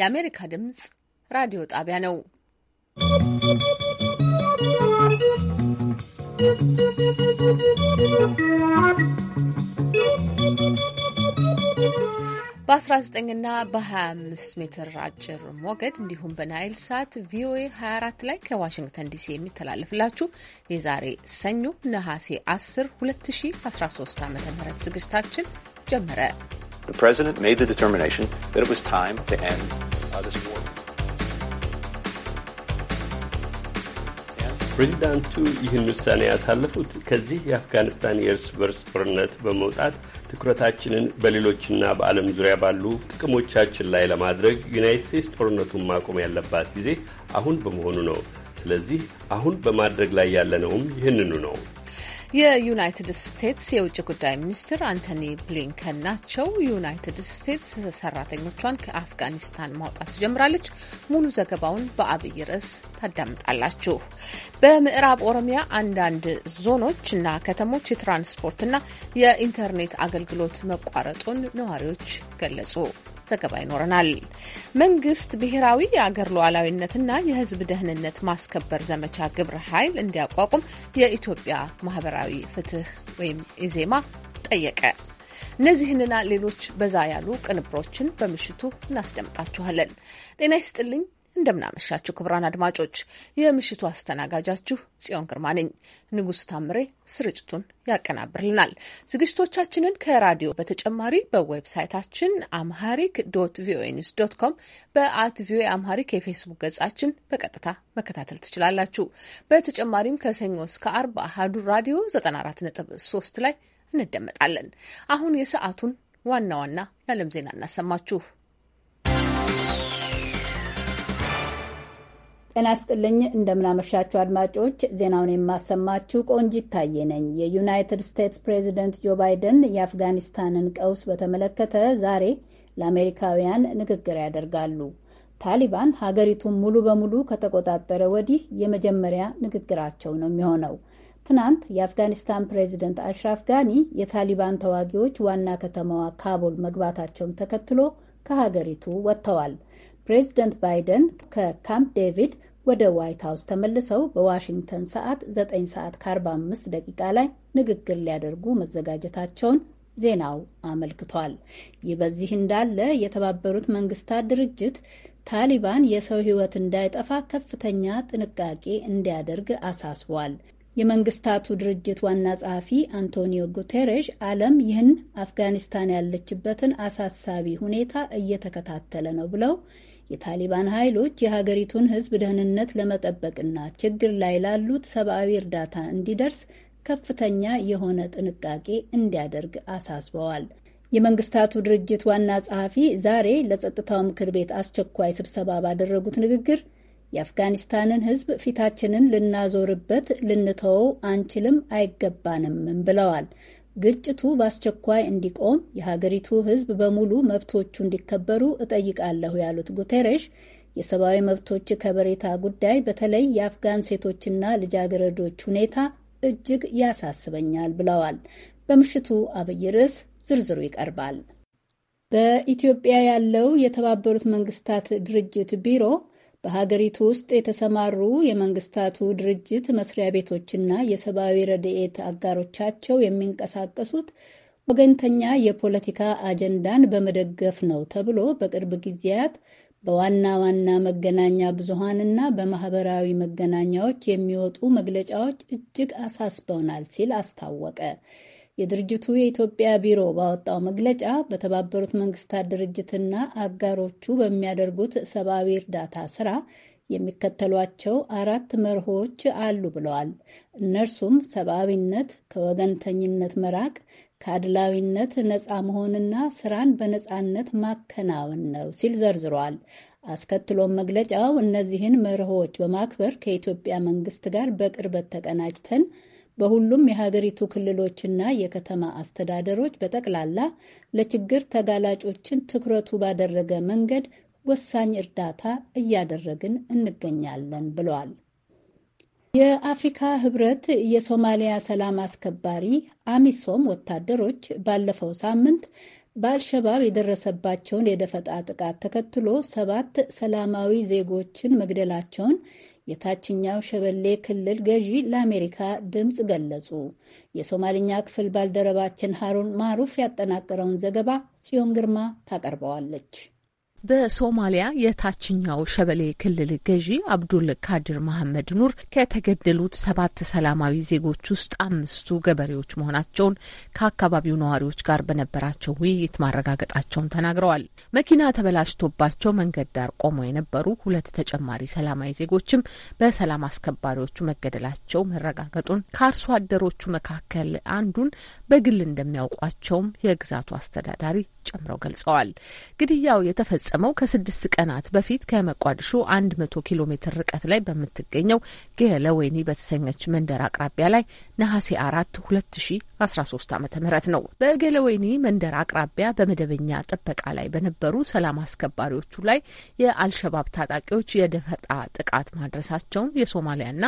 የአሜሪካ ድምጽ ራዲዮ ጣቢያ ነው። በ19 ና በ25 ሜትር አጭር ሞገድ እንዲሁም በናይል ሳት ቪኦኤ 24 ላይ ከዋሽንግተን ዲሲ የሚተላለፍላችሁ የዛሬ ሰኞ ነሐሴ 10 2013 ዓ ም ዝግጅታችን ጀመረ። The president made the determination that it was time to end ፕሬዚዳንቱ ይህን ውሳኔ ያሳለፉት ከዚህ የአፍጋኒስታን የእርስ በርስ ጦርነት በመውጣት ትኩረታችንን በሌሎችና በዓለም ዙሪያ ባሉ ጥቅሞቻችን ላይ ለማድረግ ዩናይት ስቴትስ ጦርነቱን ማቆም ያለባት ጊዜ አሁን በመሆኑ ነው። ስለዚህ አሁን በማድረግ ላይ ያለነውም ይህንኑ ነው። የዩናይትድ ስቴትስ የውጭ ጉዳይ ሚኒስትር አንቶኒ ብሊንከን ናቸው። ዩናይትድ ስቴትስ ሰራተኞቿን ከአፍጋኒስታን ማውጣት ጀምራለች። ሙሉ ዘገባውን በአብይ ርዕስ ታዳምጣላችሁ። በምዕራብ ኦሮሚያ አንዳንድ ዞኖች እና ከተሞች የትራንስፖርትና የኢንተርኔት አገልግሎት መቋረጡን ነዋሪዎች ገለጹ። ዘገባ ይኖረናል። መንግስት ብሔራዊ የአገር ሉዓላዊነትና የህዝብ ደህንነት ማስከበር ዘመቻ ግብረ ኃይል እንዲያቋቁም የኢትዮጵያ ማህበራዊ ፍትህ ወይም ኢዜማ ጠየቀ። እነዚህንና ሌሎች በዛ ያሉ ቅንብሮችን በምሽቱ እናስደምጣችኋለን። ጤና ይስጥልኝ። እንደምናመሻችሁ ክቡራን አድማጮች፣ የምሽቱ አስተናጋጃችሁ ጽዮን ግርማ ነኝ። ንጉሱ ታምሬ ስርጭቱን ያቀናብርልናል። ዝግጅቶቻችንን ከራዲዮ በተጨማሪ በዌብሳይታችን አምሃሪክ ዶት ቪኦኤ ኒውስ ዶት ኮም፣ በአት ቪኦኤ አምሃሪክ የፌስቡክ ገጻችን በቀጥታ መከታተል ትችላላችሁ። በተጨማሪም ከሰኞ እስከ አርብ አሀዱ ራዲዮ 94.3 ላይ እንደመጣለን። አሁን የሰዓቱን ዋና ዋና የዓለም ዜና እናሰማችሁ። ጤና ስጥልኝ እንደምናመሻችሁ አድማጮች፣ ዜናውን የማሰማችሁ ቆንጂ ይታየ ነኝ። የዩናይትድ ስቴትስ ፕሬዚደንት ጆ ባይደን የአፍጋኒስታንን ቀውስ በተመለከተ ዛሬ ለአሜሪካውያን ንግግር ያደርጋሉ። ታሊባን ሀገሪቱን ሙሉ በሙሉ ከተቆጣጠረ ወዲህ የመጀመሪያ ንግግራቸው ነው የሚሆነው። ትናንት የአፍጋኒስታን ፕሬዚደንት አሽራፍ ጋኒ የታሊባን ተዋጊዎች ዋና ከተማዋ ካቡል መግባታቸውን ተከትሎ ከሀገሪቱ ወጥተዋል። ፕሬዚደንት ባይደን ከካምፕ ዴቪድ ወደ ዋይት ሀውስ ተመልሰው በዋሽንግተን ሰዓት 9 ሰዓት ከ45 ደቂቃ ላይ ንግግር ሊያደርጉ መዘጋጀታቸውን ዜናው አመልክቷል። ይህ በዚህ እንዳለ የተባበሩት መንግስታት ድርጅት ታሊባን የሰው ሕይወት እንዳይጠፋ ከፍተኛ ጥንቃቄ እንዲያደርግ አሳስቧል። የመንግስታቱ ድርጅት ዋና ጸሐፊ አንቶኒዮ ጉቴሬሽ ዓለም ይህን አፍጋኒስታን ያለችበትን አሳሳቢ ሁኔታ እየተከታተለ ነው ብለው የታሊባን ኃይሎች የሀገሪቱን ሕዝብ ደህንነት ለመጠበቅና ችግር ላይ ላሉት ሰብአዊ እርዳታ እንዲደርስ ከፍተኛ የሆነ ጥንቃቄ እንዲያደርግ አሳስበዋል። የመንግስታቱ ድርጅት ዋና ጸሐፊ ዛሬ ለጸጥታው ምክር ቤት አስቸኳይ ስብሰባ ባደረጉት ንግግር የአፍጋኒስታንን ሕዝብ ፊታችንን ልናዞርበት ልንተወው አንችልም፣ አይገባንም ብለዋል። ግጭቱ በአስቸኳይ እንዲቆም የሀገሪቱ ሕዝብ በሙሉ መብቶቹ እንዲከበሩ እጠይቃለሁ ያሉት ጉቴሬሽ የሰብአዊ መብቶች ከበሬታ ጉዳይ በተለይ የአፍጋን ሴቶችና ልጃገረዶች ሁኔታ እጅግ ያሳስበኛል ብለዋል። በምሽቱ አብይ ርዕስ ዝርዝሩ ይቀርባል። በኢትዮጵያ ያለው የተባበሩት መንግስታት ድርጅት ቢሮ በሀገሪቱ ውስጥ የተሰማሩ የመንግስታቱ ድርጅት መስሪያ ቤቶችና የሰብአዊ ረድኤት አጋሮቻቸው የሚንቀሳቀሱት ወገንተኛ የፖለቲካ አጀንዳን በመደገፍ ነው ተብሎ በቅርብ ጊዜያት በዋና ዋና መገናኛ ብዙሃንና በማህበራዊ መገናኛዎች የሚወጡ መግለጫዎች እጅግ አሳስበውናል ሲል አስታወቀ። የድርጅቱ የኢትዮጵያ ቢሮ ባወጣው መግለጫ በተባበሩት መንግስታት ድርጅትና አጋሮቹ በሚያደርጉት ሰብአዊ እርዳታ ስራ የሚከተሏቸው አራት መርሆች አሉ ብለዋል። እነርሱም ሰብአዊነት፣ ከወገንተኝነት መራቅ፣ ከአድላዊነት ነፃ መሆንና ስራን በነፃነት ማከናወን ነው ሲል ዘርዝሯል። አስከትሎም መግለጫው እነዚህን መርሆች በማክበር ከኢትዮጵያ መንግስት ጋር በቅርበት ተቀናጅተን በሁሉም የሀገሪቱ ክልሎችና የከተማ አስተዳደሮች በጠቅላላ ለችግር ተጋላጮችን ትኩረቱ ባደረገ መንገድ ወሳኝ እርዳታ እያደረግን እንገኛለን ብለዋል። የአፍሪካ ህብረት የሶማሊያ ሰላም አስከባሪ አሚሶም ወታደሮች ባለፈው ሳምንት በአልሸባብ የደረሰባቸውን የደፈጣ ጥቃት ተከትሎ ሰባት ሰላማዊ ዜጎችን መግደላቸውን የታችኛው ሸበሌ ክልል ገዢ ለአሜሪካ ድምፅ ገለጹ። የሶማልኛ ክፍል ባልደረባችን ሃሩን ማሩፍ ያጠናቀረውን ዘገባ ጽዮን ግርማ ታቀርበዋለች። በሶማሊያ የታችኛው ሸበሌ ክልል ገዢ አብዱል ካድር መሐመድ ኑር ከተገደሉት ሰባት ሰላማዊ ዜጎች ውስጥ አምስቱ ገበሬዎች መሆናቸውን ከአካባቢው ነዋሪዎች ጋር በነበራቸው ውይይት ማረጋገጣቸውን ተናግረዋል። መኪና ተበላሽቶባቸው መንገድ ዳር ቆመው የነበሩ ሁለት ተጨማሪ ሰላማዊ ዜጎችም በሰላም አስከባሪዎቹ መገደላቸው መረጋገጡን፣ ከአርሶ አደሮቹ መካከል አንዱን በግል እንደሚያውቋቸውም የግዛቱ አስተዳዳሪ ጨምረው ገልጸዋል። ግድያው የተፈጸመው ከስድስት ቀናት በፊት ከመቋዲሾ አንድ መቶ ኪሎ ሜትር ርቀት ላይ በምትገኘው ጌለዌኒ በተሰኘች መንደር አቅራቢያ ላይ ነሐሴ አራት ሁለት ሺ አስራ ሶስት አመተ ምህረት ነው። በጌለዌኒ መንደር አቅራቢያ በመደበኛ ጥበቃ ላይ በነበሩ ሰላም አስከባሪዎቹ ላይ የአልሸባብ ታጣቂዎች የደፈጣ ጥቃት ማድረሳቸውን የሶማሊያና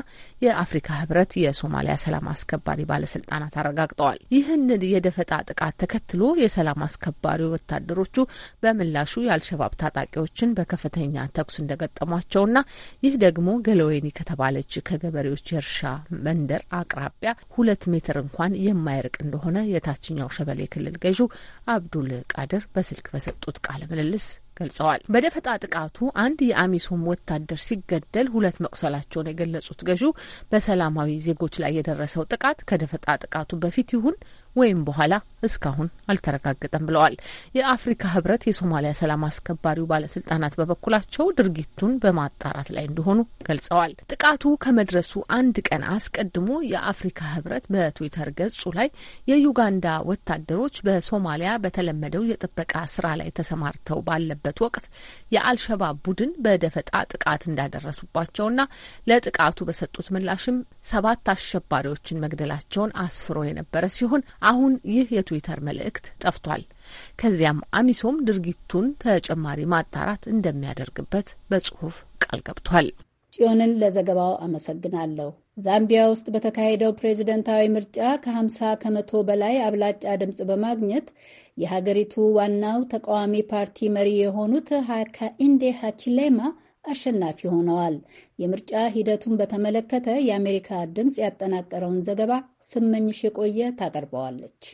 የአፍሪካ ህብረት የሶማሊያ ሰላም አስከባሪ ባለስልጣናት አረጋግጠዋል። ይህንን የደፈጣ ጥቃት ተከትሎ የሰላም አስከባሪው ወታደሮቹ በምላሹ የአልሸባብ ታጣቂዎችን በከፍተኛ ተኩስ እንደገጠሟቸውና ይህ ደግሞ ገለወይኒ ከተባለች ከገበሬዎች የእርሻ መንደር አቅራቢያ ሁለት ሜትር እንኳን የማይርቅ እንደሆነ የታችኛው ሸበሌ ክልል ገዢው አብዱል ቃድር በስልክ በሰጡት ቃለ ምልልስ ገልጸዋል። በደፈጣ ጥቃቱ አንድ የአሚሶም ወታደር ሲገደል ሁለት መቁሰላቸውን የገለጹት ገዢው በሰላማዊ ዜጎች ላይ የደረሰው ጥቃት ከደፈጣ ጥቃቱ በፊት ይሁን ወይም በኋላ እስካሁን አልተረጋገጠም ብለዋል። የአፍሪካ ህብረት የሶማሊያ ሰላም አስከባሪው ባለስልጣናት በበኩላቸው ድርጊቱን በማጣራት ላይ እንደሆኑ ገልጸዋል። ጥቃቱ ከመድረሱ አንድ ቀን አስቀድሞ የአፍሪካ ህብረት በትዊተር ገጹ ላይ የዩጋንዳ ወታደሮች በሶማሊያ በተለመደው የጥበቃ ስራ ላይ ተሰማርተው ባለበት ወቅት የአልሸባብ ቡድን በደፈጣ ጥቃት እንዳደረሱባቸውና ለጥቃቱ በሰጡት ምላሽም ሰባት አሸባሪዎችን መግደላቸውን አስፍሮ የነበረ ሲሆን አሁን ይህ የትዊተር መልእክት ጠፍቷል። ከዚያም አሚሶም ድርጊቱን ተጨማሪ ማጣራት እንደሚያደርግበት በጽሁፍ ቃል ገብቷል። ጽዮንን ለዘገባው አመሰግናለሁ። ዛምቢያ ውስጥ በተካሄደው ፕሬዝደንታዊ ምርጫ ከ50 ከመቶ በላይ አብላጫ ድምፅ በማግኘት የሀገሪቱ ዋናው ተቃዋሚ ፓርቲ መሪ የሆኑት ሀካኢንዴ ሃቺሌማ አሸናፊ ሆነዋል። የምርጫ ሂደቱን በተመለከተ የአሜሪካ ድምፅ ያጠናቀረውን ዘገባ ስመኝሽ የቆየ ታቀርበዋለች።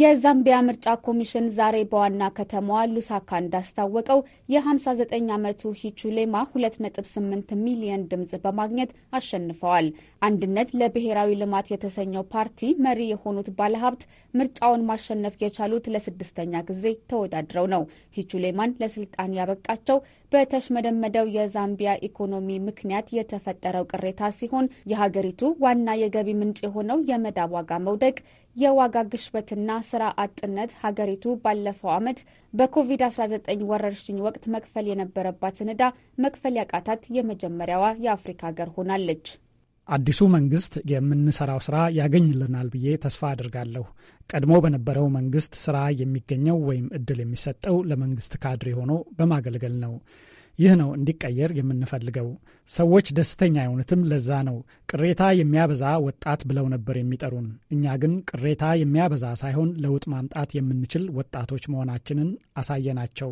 የዛምቢያ ምርጫ ኮሚሽን ዛሬ በዋና ከተማዋ ሉሳካ እንዳስታወቀው የ59 ዓመቱ ሂቹሌማ 2.8 ሚሊዮን ድምፅ በማግኘት አሸንፈዋል። አንድነት ለብሔራዊ ልማት የተሰኘው ፓርቲ መሪ የሆኑት ባለሀብት ምርጫውን ማሸነፍ የቻሉት ለስድስተኛ ጊዜ ተወዳድረው ነው። ሂቹሌማን ለስልጣን ያበቃቸው በተሽመደመደው የዛምቢያ ኢኮኖሚ ምክንያት የተፈጠረው ቅሬታ ሲሆን የሀገሪቱ ዋና የገቢ ምንጭ የሆነው የመዳብ ዋጋ መውደቅ የዋጋ ግሽበትና ስራ አጥነት ሀገሪቱ ባለፈው ዓመት በኮቪድ-19 ወረርሽኝ ወቅት መክፈል የነበረባትን ዕዳ መክፈል ያቃታት የመጀመሪያዋ የአፍሪካ ሀገር ሆናለች። አዲሱ መንግስት የምንሰራው ስራ ያገኝልናል ብዬ ተስፋ አድርጋለሁ። ቀድሞ በነበረው መንግስት ስራ የሚገኘው ወይም እድል የሚሰጠው ለመንግስት ካድሬ ሆኖ በማገልገል ነው። ይህ ነው እንዲቀየር የምንፈልገው። ሰዎች ደስተኛ የሆኑትም ለዛ ነው። ቅሬታ የሚያበዛ ወጣት ብለው ነበር የሚጠሩን። እኛ ግን ቅሬታ የሚያበዛ ሳይሆን ለውጥ ማምጣት የምንችል ወጣቶች መሆናችንን አሳየናቸው።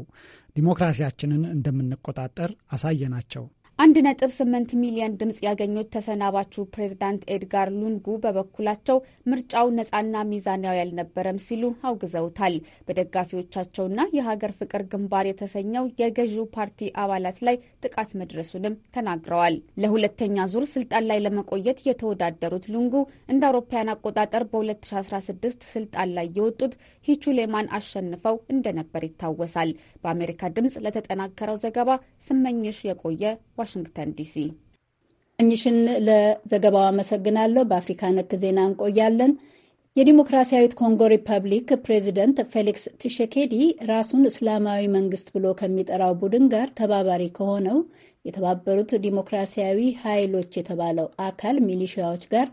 ዲሞክራሲያችንን እንደምንቆጣጠር አሳየናቸው። አንድ ነጥብ ስምንት ሚሊዮን ድምፅ ያገኙት ተሰናባቹ ፕሬዝዳንት ኤድጋር ሉንጉ በበኩላቸው ምርጫው ነፃና ሚዛናዊ አልነበረም ሲሉ አውግዘውታል። በደጋፊዎቻቸውና የሀገር ፍቅር ግንባር የተሰኘው የገዢው ፓርቲ አባላት ላይ ጥቃት መድረሱንም ተናግረዋል። ለሁለተኛ ዙር ስልጣን ላይ ለመቆየት የተወዳደሩት ሉንጉ እንደ አውሮፓውያን አቆጣጠር በ2016 ስልጣን ላይ የወጡት ሂቹሌማን አሸንፈው እንደነበር ይታወሳል። በአሜሪካ ድምፅ ለተጠናከረው ዘገባ ስመኝሽ የቆየ ዋሽንግተን ዋሽንግተን ዲሲ። እኝሽን ለዘገባው አመሰግናለሁ። በአፍሪካ ነክ ዜና እንቆያለን። የዲሞክራሲያዊት ኮንጎ ሪፐብሊክ ፕሬዚደንት ፌሊክስ ቲሸኬዲ ራሱን እስላማዊ መንግስት ብሎ ከሚጠራው ቡድን ጋር ተባባሪ ከሆነው የተባበሩት ዲሞክራሲያዊ ኃይሎች የተባለው አካል ሚሊሺያዎች ጋር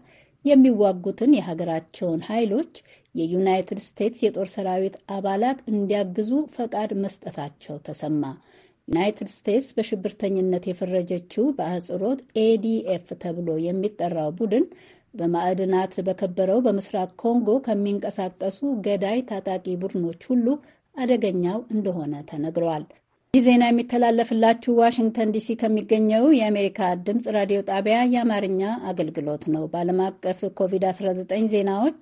የሚዋጉትን የሀገራቸውን ኃይሎች የዩናይትድ ስቴትስ የጦር ሰራዊት አባላት እንዲያግዙ ፈቃድ መስጠታቸው ተሰማ። ዩናይትድ ስቴትስ በሽብርተኝነት የፈረጀችው በአጽሮት ኤዲኤፍ ተብሎ የሚጠራው ቡድን በማዕድናት በከበረው በምስራቅ ኮንጎ ከሚንቀሳቀሱ ገዳይ ታጣቂ ቡድኖች ሁሉ አደገኛው እንደሆነ ተነግረዋል። ይህ ዜና የሚተላለፍላችሁ ዋሽንግተን ዲሲ ከሚገኘው የአሜሪካ ድምፅ ራዲዮ ጣቢያ የአማርኛ አገልግሎት ነው። በዓለም አቀፍ ኮቪድ-19 ዜናዎች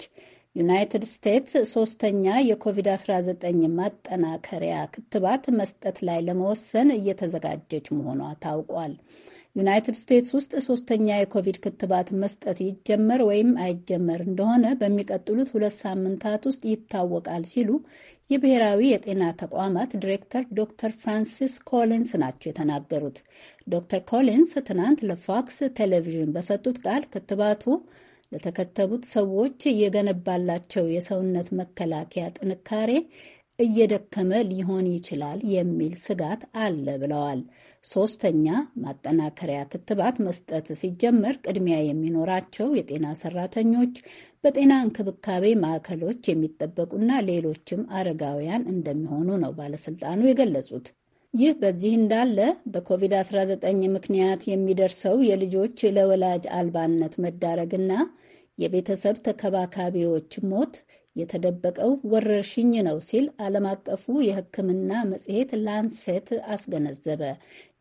ዩናይትድ ስቴትስ ሶስተኛ የኮቪድ-19 ማጠናከሪያ ክትባት መስጠት ላይ ለመወሰን እየተዘጋጀች መሆኗ ታውቋል። ዩናይትድ ስቴትስ ውስጥ ሶስተኛ የኮቪድ ክትባት መስጠት ይጀመር ወይም አይጀመር እንደሆነ በሚቀጥሉት ሁለት ሳምንታት ውስጥ ይታወቃል ሲሉ የብሔራዊ የጤና ተቋማት ዲሬክተር ዶክተር ፍራንሲስ ኮሊንስ ናቸው የተናገሩት። ዶክተር ኮሊንስ ትናንት ለፎክስ ቴሌቪዥን በሰጡት ቃል ክትባቱ ለተከተቡት ሰዎች የገነባላቸው የሰውነት መከላከያ ጥንካሬ እየደከመ ሊሆን ይችላል የሚል ስጋት አለ ብለዋል። ሶስተኛ ማጠናከሪያ ክትባት መስጠት ሲጀመር ቅድሚያ የሚኖራቸው የጤና ሰራተኞች፣ በጤና እንክብካቤ ማዕከሎች የሚጠበቁና ሌሎችም አረጋውያን እንደሚሆኑ ነው ባለስልጣኑ የገለጹት። ይህ በዚህ እንዳለ በኮቪድ-19 ምክንያት የሚደርሰው የልጆች ለወላጅ አልባነት መዳረግና የቤተሰብ ተከባካቢዎች ሞት የተደበቀው ወረርሽኝ ነው ሲል ዓለም አቀፉ የሕክምና መጽሔት ላንሴት አስገነዘበ።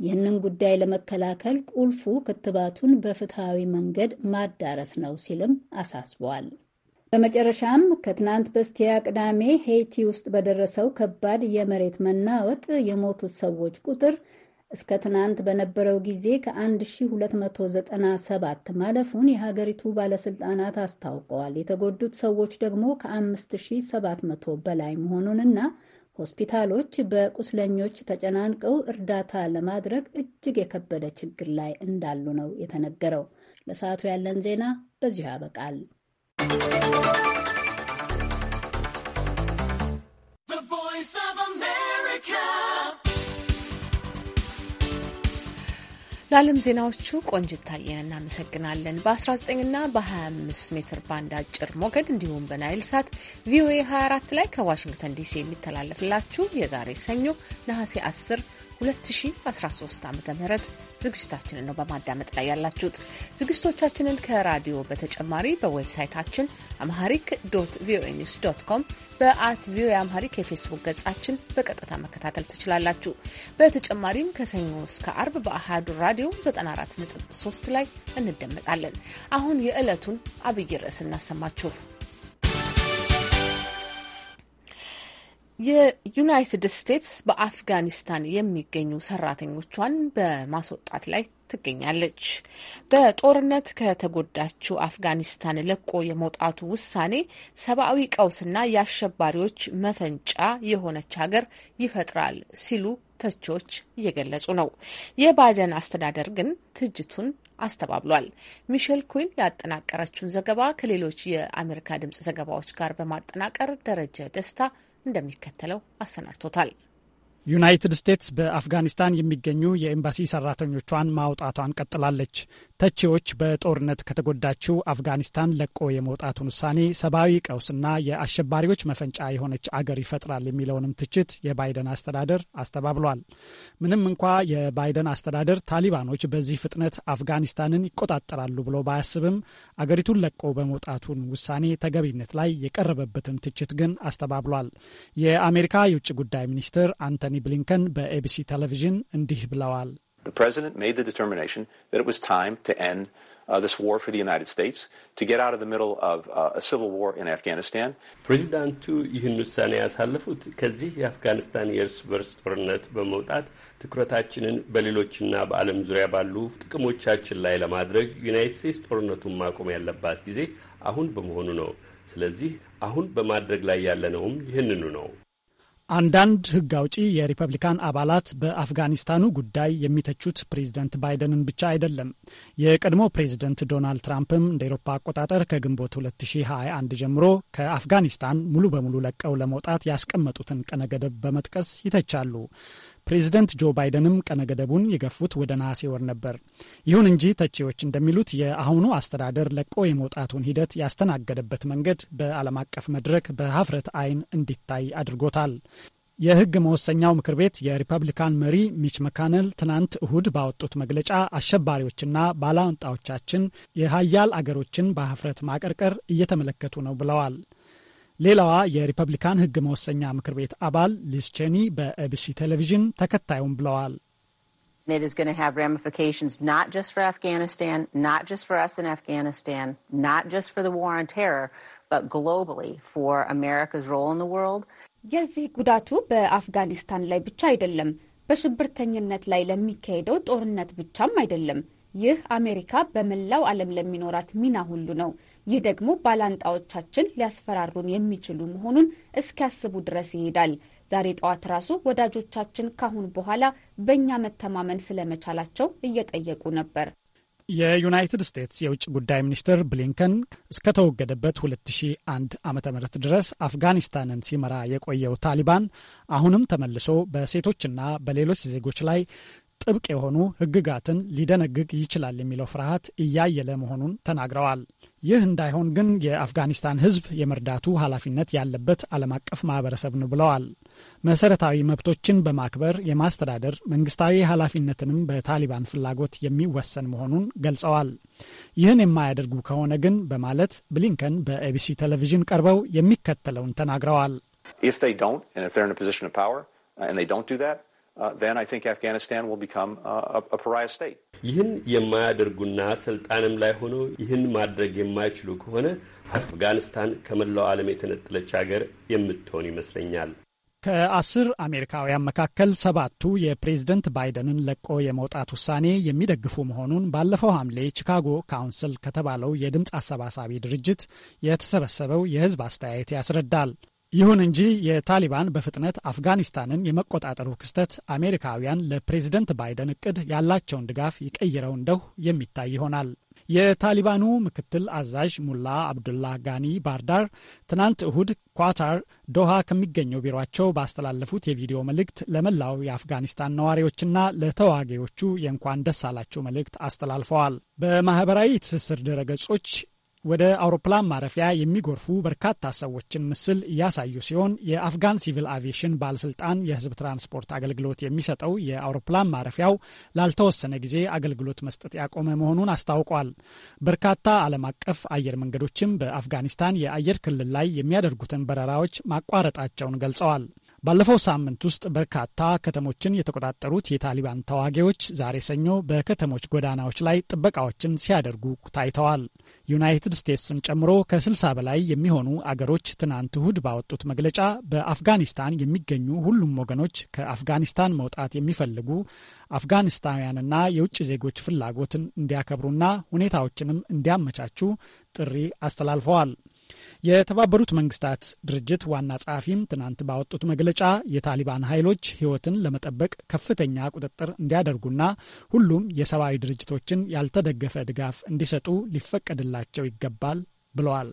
ይህንን ጉዳይ ለመከላከል ቁልፉ ክትባቱን በፍትሐዊ መንገድ ማዳረስ ነው ሲልም አሳስቧል። በመጨረሻም ከትናንት በስቲያ ቅዳሜ ሄይቲ ውስጥ በደረሰው ከባድ የመሬት መናወጥ የሞቱት ሰዎች ቁጥር እስከ ትናንት በነበረው ጊዜ ከ1297 ማለፉን የሀገሪቱ ባለስልጣናት አስታውቀዋል። የተጎዱት ሰዎች ደግሞ ከ5700 በላይ መሆኑንና ሆስፒታሎች በቁስለኞች ተጨናንቀው እርዳታ ለማድረግ እጅግ የከበደ ችግር ላይ እንዳሉ ነው የተነገረው። ለሰዓቱ ያለን ዜና በዚሁ ያበቃል። ለዓለም ዜናዎቹ ቆንጅት ታየን እናመሰግናለን። በ19 ና በ25 ሜትር ባንድ አጭር ሞገድ እንዲሁም በናይል ሳት ቪኦኤ 24 ላይ ከዋሽንግተን ዲሲ የሚተላለፍላችሁ የዛሬ ሰኞ ነሐሴ 10 2013 ዓ ም ዝግጅታችንን ነው በማዳመጥ ላይ ያላችሁት። ዝግጅቶቻችንን ከራዲዮ በተጨማሪ በዌብሳይታችን አምሃሪክ ዶት ቪኦኤ ኒውስ ዶት ኮም በአት ቪኦኤ አምሃሪክ የፌስቡክ ገጻችን በቀጥታ መከታተል ትችላላችሁ። በተጨማሪም ከሰኞ እስከ አርብ በአህዱ ራዲዮ 94.3 ላይ እንደመጣለን። አሁን የዕለቱን አብይ ርዕስ እናሰማችሁ። የዩናይትድ ስቴትስ በአፍጋኒስታን የሚገኙ ሰራተኞቿን በማስወጣት ላይ ትገኛለች። በጦርነት ከተጎዳችው አፍጋኒስታን ለቆ የመውጣቱ ውሳኔ ሰብአዊ ቀውስና የአሸባሪዎች መፈንጫ የሆነች ሀገር ይፈጥራል ሲሉ ተቺዎች እየገለጹ ነው። የባይደን አስተዳደር ግን ትጅቱን አስተባብሏል። ሚሼል ኩዊን ያጠናቀረችውን ዘገባ ከሌሎች የአሜሪካ ድምጽ ዘገባዎች ጋር በማጠናቀር ደረጀ ደስታ እንደሚከተለው አሰናድቶታል። ዩናይትድ ስቴትስ በአፍጋኒስታን የሚገኙ የኤምባሲ ሰራተኞቿን ማውጣቷን ቀጥላለች። ተቺዎች በጦርነት ከተጎዳችው አፍጋኒስታን ለቆ የመውጣቱን ውሳኔ ሰብአዊ ቀውስና የአሸባሪዎች መፈንጫ የሆነች አገር ይፈጥራል የሚለውንም ትችት የባይደን አስተዳደር አስተባብሏል። ምንም እንኳ የባይደን አስተዳደር ታሊባኖች በዚህ ፍጥነት አፍጋኒስታንን ይቆጣጠራሉ ብሎ ባያስብም አገሪቱን ለቆ በመውጣቱን ውሳኔ ተገቢነት ላይ የቀረበበትን ትችት ግን አስተባብሏል። የአሜሪካ የውጭ ጉዳይ ሚኒስትር አንቶኒ አንቶኒ ብሊንከን በኤቢሲ ቴሌቪዥን እንዲህ ብለዋል። uh, uh, ፕሬዚዳንቱ ይህን ውሳኔ ያሳለፉት ከዚህ የአፍጋኒስታን የእርስ በርስ ጦርነት በመውጣት ትኩረታችንን በሌሎችና በዓለም ዙሪያ ባሉ ጥቅሞቻችን ላይ ለማድረግ ዩናይት ስቴትስ ጦርነቱን ማቆም ያለባት ጊዜ አሁን በመሆኑ ነው። ስለዚህ አሁን በማድረግ ላይ ያለነውም ይህንኑ ነው። አንዳንድ ሕግ አውጪ የሪፐብሊካን አባላት በአፍጋኒስታኑ ጉዳይ የሚተቹት ፕሬዚደንት ባይደንን ብቻ አይደለም። የቀድሞ ፕሬዚደንት ዶናልድ ትራምፕም እንደ ኤሮፓ አቆጣጠር ከግንቦት 2021 ጀምሮ ከአፍጋኒስታን ሙሉ በሙሉ ለቀው ለመውጣት ያስቀመጡትን ቀነ ገደብ በመጥቀስ ይተቻሉ። ፕሬዚደንት ጆ ባይደንም ቀነገደቡን የገፉት ወደ ነሐሴ ወር ነበር። ይሁን እንጂ ተቺዎች እንደሚሉት የአሁኑ አስተዳደር ለቆ የመውጣቱን ሂደት ያስተናገደበት መንገድ በዓለም አቀፍ መድረክ በሀፍረት አይን እንዲታይ አድርጎታል። የህግ መወሰኛው ምክር ቤት የሪፐብሊካን መሪ ሚች መካነል ትናንት እሁድ ባወጡት መግለጫ አሸባሪዎችና ባላንጣዎቻችን የሀያል አገሮችን በሀፍረት ማቀርቀር እየተመለከቱ ነው ብለዋል። ሌላዋ የሪፐብሊካን ህግ መወሰኛ ምክር ቤት አባል ሊዝ ቼኒ በኤቢሲ ቴሌቪዥን ተከታዩም ብለዋል። የዚህ ጉዳቱ በአፍጋኒስታን ላይ ብቻ አይደለም፣ በሽብርተኝነት ላይ ለሚካሄደው ጦርነት ብቻም አይደለም። ይህ አሜሪካ በመላው ዓለም ለሚኖራት ሚና ሁሉ ነው። ይህ ደግሞ ባላንጣዎቻችን ሊያስፈራሩን የሚችሉ መሆኑን እስኪያስቡ ድረስ ይሄዳል። ዛሬ ጠዋት ራሱ ወዳጆቻችን ካሁን በኋላ በእኛ መተማመን ስለመቻላቸው እየጠየቁ ነበር። የዩናይትድ ስቴትስ የውጭ ጉዳይ ሚኒስትር ብሊንከን እስከተወገደበት 2001 ዓ ም ድረስ አፍጋኒስታንን ሲመራ የቆየው ታሊባን አሁንም ተመልሶ በሴቶችና በሌሎች ዜጎች ላይ ጥብቅ የሆኑ ህግጋትን ሊደነግግ ይችላል የሚለው ፍርሃት እያየለ መሆኑን ተናግረዋል። ይህ እንዳይሆን ግን የአፍጋኒስታን ህዝብ የመርዳቱ ኃላፊነት ያለበት ዓለም አቀፍ ማህበረሰብ ነው ብለዋል። መሰረታዊ መብቶችን በማክበር የማስተዳደር መንግስታዊ ኃላፊነትንም በታሊባን ፍላጎት የሚወሰን መሆኑን ገልጸዋል። ይህን የማያደርጉ ከሆነ ግን በማለት ብሊንከን በኤቢሲ ቴሌቪዥን ቀርበው የሚከተለውን ተናግረዋል። Uh, uh, ይህን የማያደርጉና ስልጣንም ላይ ሆኖ ይህን ማድረግ የማይችሉ ከሆነ አፍጋኒስታን ከመላው ዓለም የተነጠለች ሀገር የምትሆን ይመስለኛል። ከአስር አሜሪካውያን መካከል ሰባቱ የፕሬዝደንት ባይደንን ለቆ የመውጣት ውሳኔ የሚደግፉ መሆኑን ባለፈው ሐምሌ ቺካጎ ካውንስል ከተባለው የድምፅ አሰባሳቢ ድርጅት የተሰበሰበው የሕዝብ አስተያየት ያስረዳል። ይሁን እንጂ የታሊባን በፍጥነት አፍጋኒስታንን የመቆጣጠሩ ክስተት አሜሪካውያን ለፕሬዝደንት ባይደን እቅድ ያላቸውን ድጋፍ ይቀይረው እንደሁ የሚታይ ይሆናል። የታሊባኑ ምክትል አዛዥ ሙላ አብዱላህ ጋኒ ባርዳር ትናንት እሁድ ኳታር ዶሃ ከሚገኘው ቢሯቸው ባስተላለፉት የቪዲዮ መልእክት ለመላው የአፍጋኒስታን ነዋሪዎችና ለተዋጊዎቹ የእንኳን ደስ አላችሁ መልእክት አስተላልፈዋል። በማህበራዊ ትስስር ድረገጾች ወደ አውሮፕላን ማረፊያ የሚጎርፉ በርካታ ሰዎችን ምስል እያሳዩ ሲሆን የአፍጋን ሲቪል አቪዬሽን ባለስልጣን የህዝብ ትራንስፖርት አገልግሎት የሚሰጠው የአውሮፕላን ማረፊያው ላልተወሰነ ጊዜ አገልግሎት መስጠት ያቆመ መሆኑን አስታውቋል። በርካታ ዓለም አቀፍ አየር መንገዶችም በአፍጋኒስታን የአየር ክልል ላይ የሚያደርጉትን በረራዎች ማቋረጣቸውን ገልጸዋል። ባለፈው ሳምንት ውስጥ በርካታ ከተሞችን የተቆጣጠሩት የታሊባን ተዋጊዎች ዛሬ ሰኞ በከተሞች ጎዳናዎች ላይ ጥበቃዎችን ሲያደርጉ ታይተዋል። ዩናይትድ ስቴትስን ጨምሮ ከ60 በላይ የሚሆኑ አገሮች ትናንት እሁድ ባወጡት መግለጫ በአፍጋኒስታን የሚገኙ ሁሉም ወገኖች ከአፍጋኒስታን መውጣት የሚፈልጉ አፍጋኒስታውያንና የውጭ ዜጎች ፍላጎትን እንዲያከብሩና ሁኔታዎችንም እንዲያመቻቹ ጥሪ አስተላልፈዋል። የተባበሩት መንግስታት ድርጅት ዋና ጸሐፊም ትናንት ባወጡት መግለጫ የታሊባን ኃይሎች ሕይወትን ለመጠበቅ ከፍተኛ ቁጥጥር እንዲያደርጉና ሁሉም የሰብአዊ ድርጅቶችን ያልተደገፈ ድጋፍ እንዲሰጡ ሊፈቀድላቸው ይገባል ብለዋል።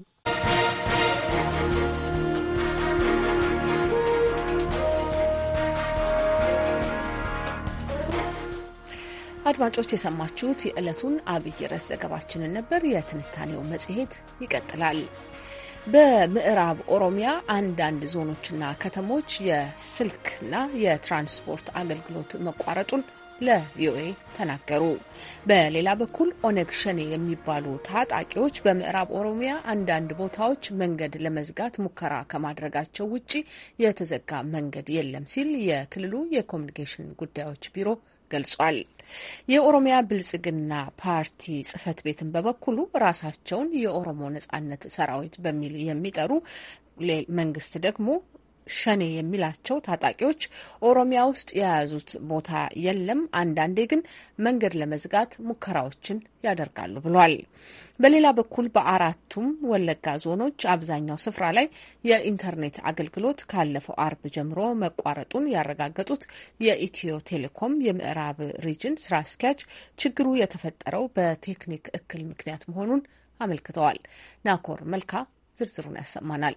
አድማጮች የሰማችሁት የዕለቱን አብይ ርዕስ ዘገባችንን ነበር። የትንታኔው መጽሔት ይቀጥላል። በምዕራብ ኦሮሚያ አንዳንድ ዞኖችና ከተሞች የስልክና የትራንስፖርት አገልግሎት መቋረጡን ለቪኦኤ ተናገሩ። በሌላ በኩል ኦነግ ሸኔ የሚባሉ ታጣቂዎች በምዕራብ ኦሮሚያ አንዳንድ ቦታዎች መንገድ ለመዝጋት ሙከራ ከማድረጋቸው ውጪ የተዘጋ መንገድ የለም ሲል የክልሉ የኮሚኒኬሽን ጉዳዮች ቢሮ ገልጿል። የኦሮሚያ ብልጽግና ፓርቲ ጽህፈት ቤትን በበኩሉ ራሳቸውን የኦሮሞ ነጻነት ሰራዊት በሚል የሚጠሩ መንግስት ደግሞ ሸኔ የሚላቸው ታጣቂዎች ኦሮሚያ ውስጥ የያዙት ቦታ የለም። አንዳንዴ ግን መንገድ ለመዝጋት ሙከራዎችን ያደርጋሉ ብሏል። በሌላ በኩል በአራቱም ወለጋ ዞኖች አብዛኛው ስፍራ ላይ የኢንተርኔት አገልግሎት ካለፈው አርብ ጀምሮ መቋረጡን ያረጋገጡት የኢትዮ ቴሌኮም የምዕራብ ሪጅን ስራ አስኪያጅ ችግሩ የተፈጠረው በቴክኒክ እክል ምክንያት መሆኑን አመልክተዋል። ናኮር መልካ ዝርዝሩን ያሰማናል።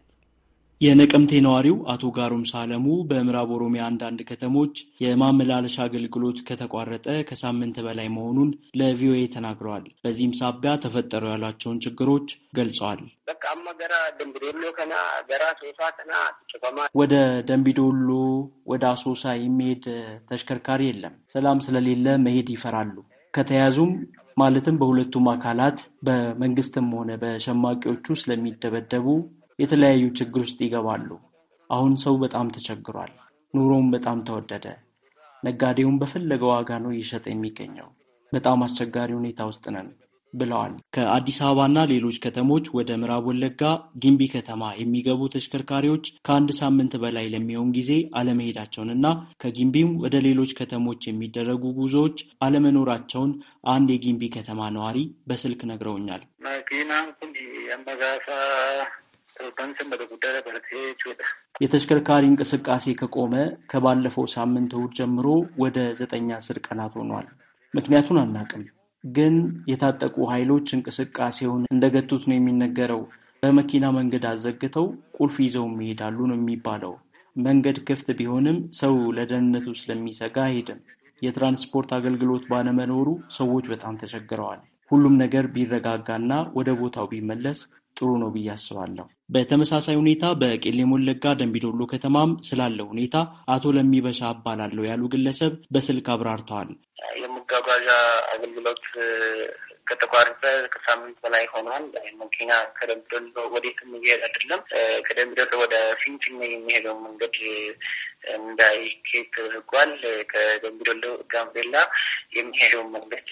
የነቀምቴ ነዋሪው አቶ ጋሩም ሳለሙ በምዕራብ ኦሮሚያ አንዳንድ ከተሞች የማመላለሻ አገልግሎት ከተቋረጠ ከሳምንት በላይ መሆኑን ለቪኦኤ ተናግረዋል። በዚህም ሳቢያ ተፈጠሩ ያሏቸውን ችግሮች ገልጸዋል። ወደ ደንቢዶሎ፣ ወደ አሶሳ የሚሄድ ተሽከርካሪ የለም። ሰላም ስለሌለ መሄድ ይፈራሉ። ከተያዙም ማለትም በሁለቱም አካላት በመንግስትም ሆነ በሸማቂዎቹ ስለሚደበደቡ የተለያዩ ችግር ውስጥ ይገባሉ። አሁን ሰው በጣም ተቸግሯል። ኑሮውም በጣም ተወደደ። ነጋዴውም በፈለገ ዋጋ ነው እየሸጠ የሚገኘው። በጣም አስቸጋሪ ሁኔታ ውስጥ ነን ብለዋል። ከአዲስ አበባና ሌሎች ከተሞች ወደ ምዕራብ ወለጋ ጊምቢ ከተማ የሚገቡ ተሽከርካሪዎች ከአንድ ሳምንት በላይ ለሚሆን ጊዜ አለመሄዳቸውንና ከጊምቢም ወደ ሌሎች ከተሞች የሚደረጉ ጉዞዎች አለመኖራቸውን አንድ የጊምቢ ከተማ ነዋሪ በስልክ ነግረውኛል። የተሽከርካሪ እንቅስቃሴ ከቆመ ከባለፈው ሳምንት እሑድ ጀምሮ ወደ ዘጠኝ አስር ቀናት ሆኗል። ምክንያቱን አናቅም። ግን የታጠቁ ኃይሎች እንቅስቃሴውን እንደገቱት ነው የሚነገረው። በመኪና መንገድ አዘግተው ቁልፍ ይዘው ይሄዳሉ ነው የሚባለው። መንገድ ክፍት ቢሆንም ሰው ለደህንነቱ ስለሚሰጋ አይሄድም። የትራንስፖርት አገልግሎት ባለመኖሩ ሰዎች በጣም ተቸግረዋል። ሁሉም ነገር ቢረጋጋና ወደ ቦታው ቢመለስ ጥሩ ነው ብዬ አስባለሁ። በተመሳሳይ ሁኔታ በቄለም ወለጋ ደንቢዶሎ ከተማም ስላለው ሁኔታ አቶ ለሚበሻ አባላለሁ ያሉ ግለሰብ በስልክ አብራርተዋል። የመጓጓዣ አገልግሎት ከተቋረጠ ከሳምንት በላይ ሆኗል። መኪና ከደምቢዶሎ ወዴትም እየሄድ አይደለም። ከደምቢዶሎ ወደ ፊንፊኔ የሚሄደው መንገድ እንዳይኬድ ተደርጓል። ከደምቢዶሎ ጋምቤላ የሚሄደው መንገድ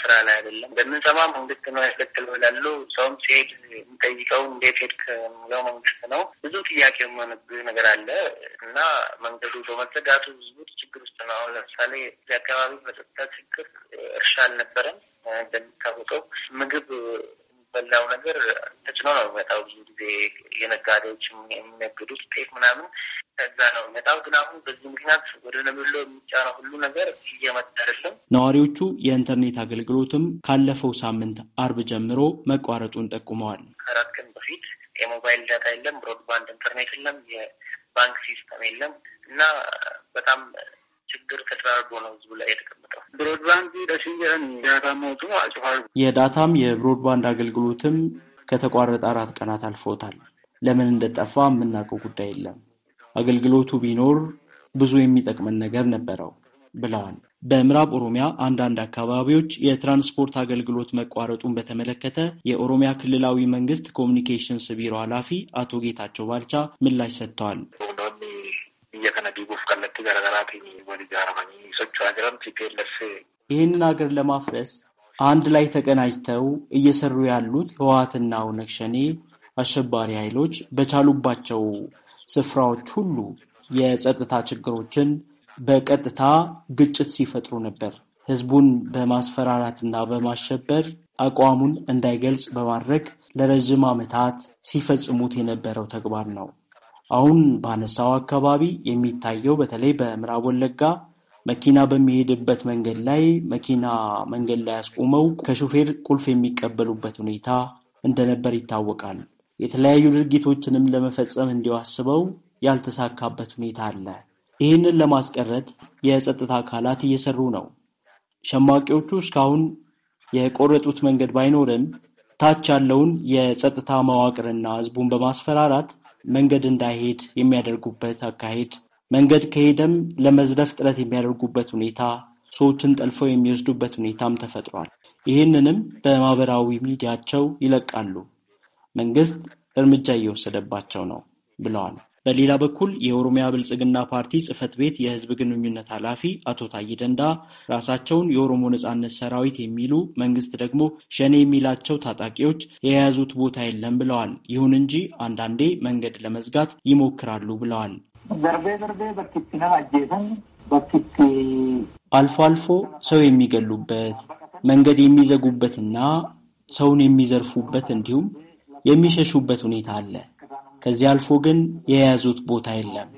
ስራ ላይ አይደለም። በምንሰማ መንግስት ነው ያስከትል ብላሉ። ሰውም ሲሄድ የሚጠይቀው እንዴት ሄድክ የሚለው መንግስት ነው። ብዙ ጥያቄ የሆነብህ ነገር አለ እና መንገዱ በመዘጋቱ ህዝቡ ችግር ውስጥ ነው። አሁን ለምሳሌ እዚህ አካባቢ በጸጥታ ችግር እርሻ አልነበረም እንደሚታወቀው ምግብ በላው ነገር ተጭኖ ነው የሚመጣው። ብዙ ጊዜ የነጋዴዎች የሚነግዱት ጤፍ ምናምን ከዛ ነው የሚመጣው። ግን አሁን በዚህ ምክንያት ወደ ነብሎ የሚጫነው ሁሉ ነገር እየመጣ አይደለም። ነዋሪዎቹ የኢንተርኔት አገልግሎትም ካለፈው ሳምንት አርብ ጀምሮ መቋረጡን ጠቁመዋል። ከአራት ቀን በፊት የሞባይል ዳታ የለም፣ ብሮድባንድ ኢንተርኔት የለም፣ የባንክ ሲስተም የለም እና በጣም ችግር ተደራርቦ ነው ህዝቡ ላይ የተቀመጠው። ብሮድባንድ ለሽንገን ዳታ መውጡ የዳታም የብሮድባንድ አገልግሎትም ከተቋረጠ አራት ቀናት አልፎታል። ለምን እንደጠፋ የምናውቀው ጉዳይ የለም። አገልግሎቱ ቢኖር ብዙ የሚጠቅመን ነገር ነበረው ብለዋል። በምዕራብ ኦሮሚያ አንዳንድ አካባቢዎች የትራንስፖርት አገልግሎት መቋረጡን በተመለከተ የኦሮሚያ ክልላዊ መንግስት ኮሚኒኬሽንስ ቢሮ ኃላፊ አቶ ጌታቸው ባልቻ ምላሽ ሰጥተዋል። socho'aa jiran ይህንን ሀገር ለማፍረስ አንድ ላይ ተቀናጅተው እየሰሩ ያሉት ህወሓትና ኦነግ ሸኔ አሸባሪ ኃይሎች በቻሉባቸው ስፍራዎች ሁሉ የጸጥታ ችግሮችን በቀጥታ ግጭት ሲፈጥሩ ነበር። ህዝቡን በማስፈራራትና በማሸበር አቋሙን እንዳይገልጽ በማድረግ ለረዥም ዓመታት ሲፈጽሙት የነበረው ተግባር ነው። አሁን ባነሳው አካባቢ የሚታየው በተለይ በምዕራብ ወለጋ መኪና በሚሄድበት መንገድ ላይ መኪና መንገድ ላይ አስቆመው ከሾፌር ቁልፍ የሚቀበሉበት ሁኔታ እንደነበር ይታወቃል። የተለያዩ ድርጊቶችንም ለመፈጸም እንዲዋስበው ያልተሳካበት ሁኔታ አለ። ይህንን ለማስቀረት የጸጥታ አካላት እየሰሩ ነው። ሸማቂዎቹ እስካሁን የቆረጡት መንገድ ባይኖርም ታች ያለውን የጸጥታ መዋቅርና ሕዝቡን በማስፈራራት መንገድ እንዳይሄድ የሚያደርጉበት አካሄድ፣ መንገድ ከሄደም ለመዝለፍ ጥረት የሚያደርጉበት ሁኔታ፣ ሰዎችን ጠልፈው የሚወስዱበት ሁኔታም ተፈጥሯል። ይህንንም በማህበራዊ ሚዲያቸው ይለቃሉ። መንግስት እርምጃ እየወሰደባቸው ነው ብለዋል። በሌላ በኩል የኦሮሚያ ብልጽግና ፓርቲ ጽህፈት ቤት የህዝብ ግንኙነት ኃላፊ አቶ ታዬ ደንዳ ራሳቸውን የኦሮሞ ነጻነት ሰራዊት የሚሉ መንግስት ደግሞ ሸኔ የሚላቸው ታጣቂዎች የያዙት ቦታ የለም ብለዋል። ይሁን እንጂ አንዳንዴ መንገድ ለመዝጋት ይሞክራሉ ብለዋል። አልፎ አልፎ ሰው የሚገሉበት መንገድ የሚዘጉበትና ሰውን የሚዘርፉበት እንዲሁም የሚሸሹበት ሁኔታ አለ። ከዚህ አልፎ ግን የያዙት ቦታ የለም።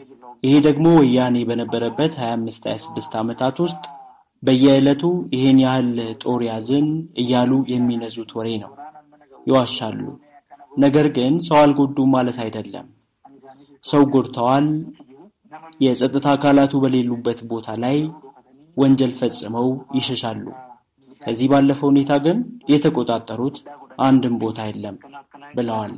ይሄ ደግሞ ወያኔ በነበረበት 25 26 ዓመታት ውስጥ በየዕለቱ ይሄን ያህል ጦር ያዝን እያሉ የሚነዙት ወሬ ነው። ይዋሻሉ። ነገር ግን ሰው አልጎዱም ማለት አይደለም። ሰው ጎድተዋል። የጸጥታ አካላቱ በሌሉበት ቦታ ላይ ወንጀል ፈጽመው ይሸሻሉ። ከዚህ ባለፈ ሁኔታ ግን የተቆጣጠሩት አንድም ቦታ የለም ብለዋል።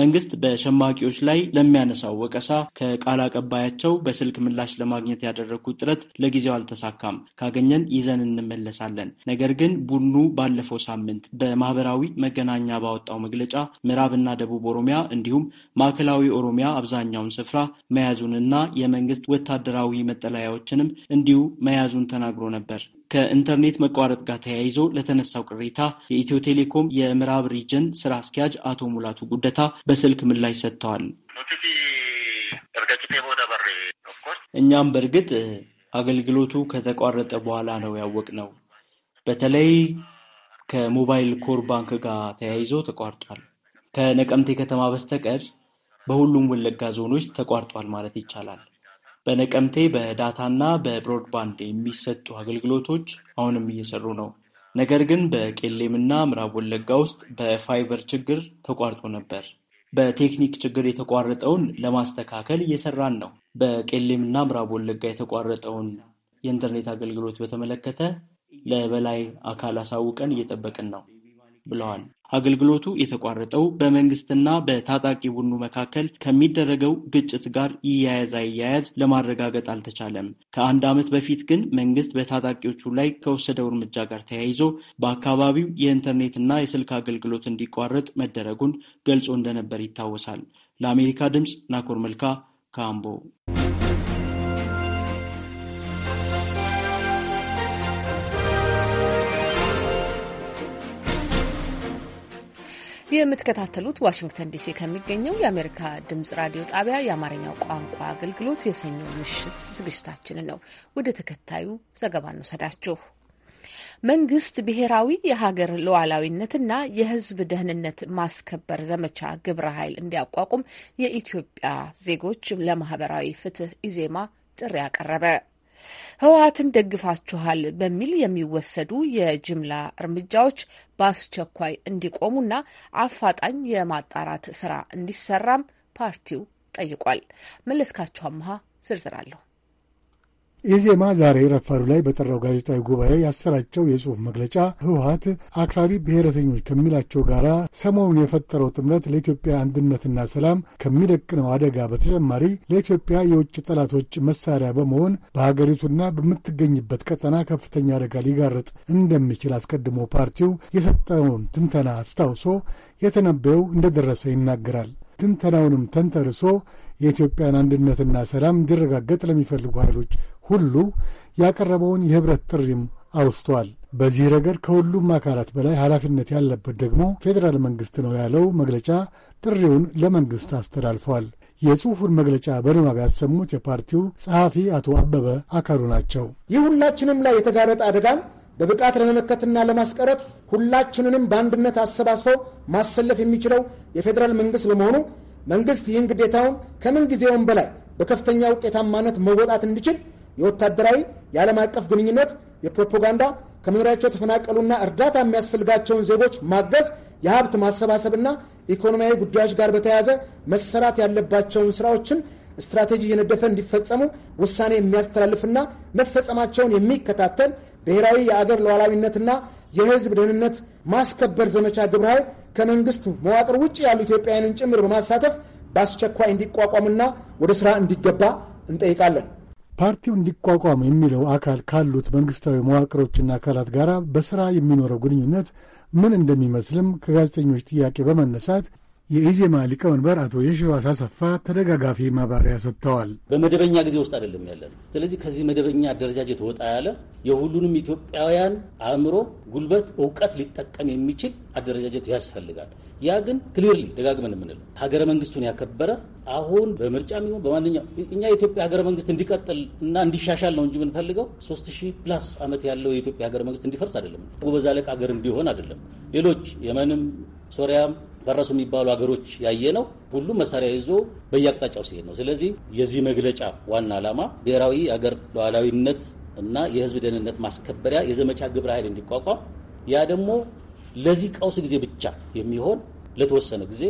መንግስት በሸማቂዎች ላይ ለሚያነሳው ወቀሳ ከቃል አቀባያቸው በስልክ ምላሽ ለማግኘት ያደረግኩት ጥረት ለጊዜው አልተሳካም። ካገኘን ይዘን እንመለሳለን። ነገር ግን ቡድኑ ባለፈው ሳምንት በማህበራዊ መገናኛ ባወጣው መግለጫ ምዕራብና ደቡብ ኦሮሚያ እንዲሁም ማዕከላዊ ኦሮሚያ አብዛኛውን ስፍራ መያዙንና የመንግስት ወታደራዊ መጠለያዎችንም እንዲሁ መያዙን ተናግሮ ነበር። ከኢንተርኔት መቋረጥ ጋር ተያይዞ ለተነሳው ቅሬታ የኢትዮ ቴሌኮም የምዕራብ ሪጅን ስራ አስኪያጅ አቶ ሙላቱ ጉደታ በስልክ ምላሽ ሰጥተዋል። እኛም በእርግጥ አገልግሎቱ ከተቋረጠ በኋላ ነው ያወቅ ነው። በተለይ ከሞባይል ኮር ባንክ ጋር ተያይዞ ተቋርጧል። ከነቀምቴ ከተማ በስተቀር በሁሉም ወለጋ ዞኖች ተቋርጧል ማለት ይቻላል። በነቀምቴ በዳታና በብሮድባንድ የሚሰጡ አገልግሎቶች አሁንም እየሰሩ ነው። ነገር ግን በቄሌምና ምዕራብ ወለጋ ውስጥ በፋይበር ችግር ተቋርጦ ነበር። በቴክኒክ ችግር የተቋረጠውን ለማስተካከል እየሰራን ነው። በቄሌምና ምዕራብ ወለጋ የተቋረጠውን የኢንተርኔት አገልግሎት በተመለከተ ለበላይ አካል አሳውቀን እየጠበቅን ነው ብለዋል አገልግሎቱ የተቋረጠው በመንግስትና በታጣቂ ቡድኑ መካከል ከሚደረገው ግጭት ጋር ይያያዝ አይያያዝ ለማረጋገጥ አልተቻለም። ከአንድ ዓመት በፊት ግን መንግስት በታጣቂዎቹ ላይ ከወሰደው እርምጃ ጋር ተያይዞ በአካባቢው የኢንተርኔትና የስልክ አገልግሎት እንዲቋረጥ መደረጉን ገልጾ እንደነበር ይታወሳል። ለአሜሪካ ድምፅ ናኮር መልካ ካምቦ የምትከታተሉት ዋሽንግተን ዲሲ ከሚገኘው የአሜሪካ ድምጽ ራዲዮ ጣቢያ የአማርኛው ቋንቋ አገልግሎት የሰኞ ምሽት ዝግጅታችንን ነው። ወደ ተከታዩ ዘገባ እንውሰዳችሁ። መንግስት ብሔራዊ የሀገር ሉዓላዊነትና የሕዝብ ደህንነት ማስከበር ዘመቻ ግብረ ኃይል እንዲያቋቁም የኢትዮጵያ ዜጎች ለማህበራዊ ፍትህ ኢዜማ ጥሪ አቀረበ። ህወሀትን ደግፋችኋል በሚል የሚወሰዱ የጅምላ እርምጃዎች በአስቸኳይ እንዲቆሙና አፋጣኝ የማጣራት ስራ እንዲሰራም ፓርቲው ጠይቋል። መለስካቸው አምሃ ዝርዝር አለሁ። ኢዜማ ዛሬ ረፋዱ ላይ በጠራው ጋዜጣዊ ጉባኤ ያሰራጨው የጽሑፍ መግለጫ ህወሀት አክራሪ ብሔረተኞች ከሚላቸው ጋር ሰሞኑን የፈጠረው ጥምረት ለኢትዮጵያ አንድነትና ሰላም ከሚደቅነው አደጋ በተጨማሪ ለኢትዮጵያ የውጭ ጠላቶች መሳሪያ በመሆን በሀገሪቱና በምትገኝበት ቀጠና ከፍተኛ አደጋ ሊጋርጥ እንደሚችል አስቀድሞ ፓርቲው የሰጠውን ትንተና አስታውሶ የተነበየው እንደደረሰ ይናገራል። ትንተናውንም ተንተርሶ የኢትዮጵያን አንድነትና ሰላም እንዲረጋገጥ ለሚፈልጉ ኃይሎች ሁሉ ያቀረበውን የህብረት ጥሪም አውስቷል። በዚህ ረገድ ከሁሉም አካላት በላይ ኃላፊነት ያለበት ደግሞ ፌዴራል መንግሥት ነው ያለው መግለጫ ጥሪውን ለመንግሥት አስተላልፏል። የጽሑፉን መግለጫ በንባብ ያሰሙት የፓርቲው ጸሐፊ አቶ አበበ አካሉ ናቸው። ይህ ሁላችንም ላይ የተጋረጠ አደጋን በብቃት ለመመከትና ለማስቀረት ሁላችንንም በአንድነት አሰባስበው ማሰለፍ የሚችለው የፌዴራል መንግሥት በመሆኑ መንግሥት ይህን ግዴታውን ከምን ጊዜውም በላይ በከፍተኛ ውጤታማነት መወጣት እንዲችል የወታደራዊ የዓለም አቀፍ ግንኙነት፣ የፕሮፓጋንዳ ከመኖሪያቸው የተፈናቀሉና እርዳታ የሚያስፈልጋቸውን ዜጎች ማገዝ፣ የሀብት ማሰባሰብና ኢኮኖሚያዊ ጉዳዮች ጋር በተያያዘ መሰራት ያለባቸውን ስራዎችን ስትራቴጂ እየነደፈ እንዲፈጸሙ ውሳኔ የሚያስተላልፍና መፈጸማቸውን የሚከታተል ብሔራዊ የአገር ሉዓላዊነትና የሕዝብ ደህንነት ማስከበር ዘመቻ ግብረ ኃይል ከመንግስት መዋቅር ውጭ ያሉ ኢትዮጵያውያንን ጭምር በማሳተፍ በአስቸኳይ እንዲቋቋምና ወደ ስራ እንዲገባ እንጠይቃለን። ፓርቲው እንዲቋቋም የሚለው አካል ካሉት መንግሥታዊ መዋቅሮችና አካላት ጋር በሥራ የሚኖረው ግንኙነት ምን እንደሚመስልም ከጋዜጠኞች ጥያቄ በመነሳት የኢዜማ ሊቀመንበር አቶ የሺዋስ አሰፋ ተደጋጋፊ ማብራሪያ ሰጥተዋል። በመደበኛ ጊዜ ውስጥ አይደለም ያለ ነው። ስለዚህ ከዚህ መደበኛ አደረጃጀት ወጣ ያለ የሁሉንም ኢትዮጵያውያን አእምሮ፣ ጉልበት፣ እውቀት ሊጠቀም የሚችል አደረጃጀት ያስፈልጋል። ያ ግን ክሊርሊ ደጋግመን የምንለው ሀገረ መንግስቱን ያከበረ አሁን በምርጫ የሚሆን በማንኛው እኛ የኢትዮጵያ ሀገረ መንግስት እንዲቀጥል እና እንዲሻሻል ነው እንጂ የምንፈልገው ሶስት ሺህ ፕላስ ዓመት ያለው የኢትዮጵያ ሀገረ መንግስት እንዲፈርስ አይደለም። ጎበዝ አለቃ ሀገር እንዲሆን አይደለም። ሌሎች የመንም ሶሪያም ደረሱ የሚባሉ ሀገሮች ያየ ነው። ሁሉም መሳሪያ ይዞ በየአቅጣጫው ሲሄድ ነው። ስለዚህ የዚህ መግለጫ ዋና ዓላማ ብሔራዊ አገር ሉዓላዊነት እና የህዝብ ደህንነት ማስከበሪያ የዘመቻ ግብረ ኃይል እንዲቋቋም ያ ደግሞ ለዚህ ቀውስ ጊዜ ብቻ የሚሆን ለተወሰነ ጊዜ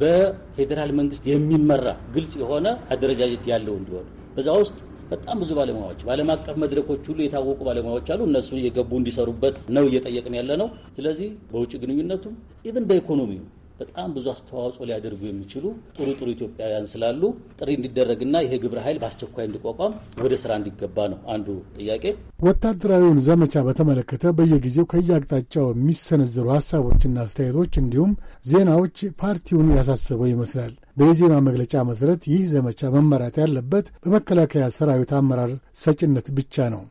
በፌዴራል መንግስት የሚመራ ግልጽ የሆነ አደረጃጀት ያለው እንዲሆን በዛ ውስጥ በጣም ብዙ ባለሙያዎች በዓለም አቀፍ መድረኮች ሁሉ የታወቁ ባለሙያዎች አሉ። እነሱ እየገቡ እንዲሰሩበት ነው እየጠየቅን ያለ ነው። ስለዚህ በውጭ ግንኙነቱም ኢቭን በኢኮኖሚው በጣም ብዙ አስተዋጽኦ ሊያደርጉ የሚችሉ ጥሩ ጥሩ ኢትዮጵያውያን ስላሉ ጥሪ እንዲደረግና ይሄ ግብረ ኃይል በአስቸኳይ እንዲቋቋም ወደ ስራ እንዲገባ ነው አንዱ ጥያቄ። ወታደራዊውን ዘመቻ በተመለከተ በየጊዜው ከየአቅጣጫው የሚሰነዘሩ ሀሳቦችና አስተያየቶች እንዲሁም ዜናዎች ፓርቲውን ያሳስበው ይመስላል። በየዜና መግለጫ መሰረት ይህ ዘመቻ መመራት ያለበት በመከላከያ ሰራዊት አመራር ሰጭነት ብቻ ነው።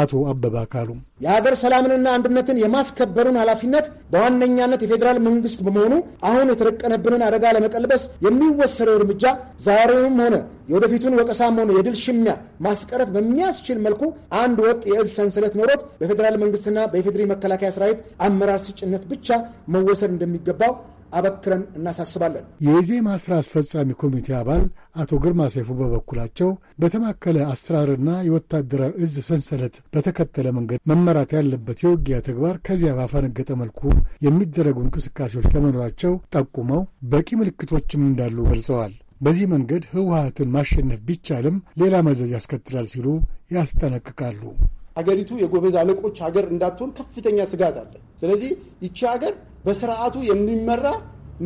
አቶ አበባ ካሉ የሀገር ሰላምንና አንድነትን የማስከበሩን ኃላፊነት በዋነኛነት የፌዴራል መንግስት በመሆኑ አሁን የተደቀነብንን አደጋ ለመቀልበስ የሚወሰደው እርምጃ ዛሬውም ሆነ የወደፊቱን ወቀሳም ሆነ የድል ሽሚያ ማስቀረት በሚያስችል መልኩ አንድ ወጥ የእዝ ሰንሰለት ኖሮት በፌዴራል መንግስትና በኢፌዴሪ መከላከያ ሰራዊት አመራር ስጭነት ብቻ መወሰድ እንደሚገባው አበክረን እናሳስባለን። የኢዜማ ስራ አስፈጻሚ ኮሚቴ አባል አቶ ግርማ ሰይፉ በበኩላቸው በተማከለ አሰራርና የወታደራዊ እዝ ሰንሰለት በተከተለ መንገድ መመራት ያለበት የውጊያ ተግባር ከዚያ ባፈነገጠ መልኩ የሚደረጉ እንቅስቃሴዎች ለመኖራቸው ጠቁመው በቂ ምልክቶችም እንዳሉ ገልጸዋል። በዚህ መንገድ ህወሀትን ማሸነፍ ቢቻልም ሌላ መዘዝ ያስከትላል ሲሉ ያስጠነቅቃሉ። ሀገሪቱ የጎበዝ አለቆች ሀገር እንዳትሆን ከፍተኛ ስጋት አለ። ስለዚህ ይቺ ሀገር በስርዓቱ የሚመራ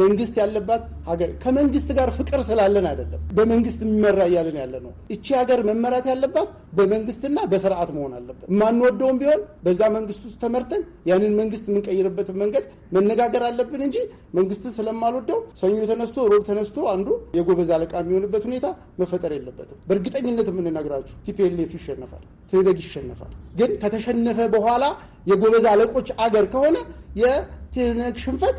መንግስት ያለባት ሀገር ከመንግስት ጋር ፍቅር ስላለን አይደለም። በመንግስት የሚመራ እያለን ያለ ነው። እቺ ሀገር መመራት ያለባት በመንግስትና በስርዓት መሆን አለበት። ማንወደውም ቢሆን በዛ መንግስት ውስጥ ተመርተን ያንን መንግስት የምንቀይርበት መንገድ መነጋገር አለብን እንጂ መንግስት ስለማልወደው ሰኞ ተነስቶ ሮብ ተነስቶ አንዱ የጎበዝ አለቃ የሚሆንበት ሁኔታ መፈጠር የለበትም። በእርግጠኝነት የምንነግራችሁ ቲፒኤልኤፍ ይሸነፋል፣ ትህደግ ይሸነፋል። ግን ከተሸነፈ በኋላ የጎበዝ አለቆች አገር ከሆነ ትህነግ ሽንፈት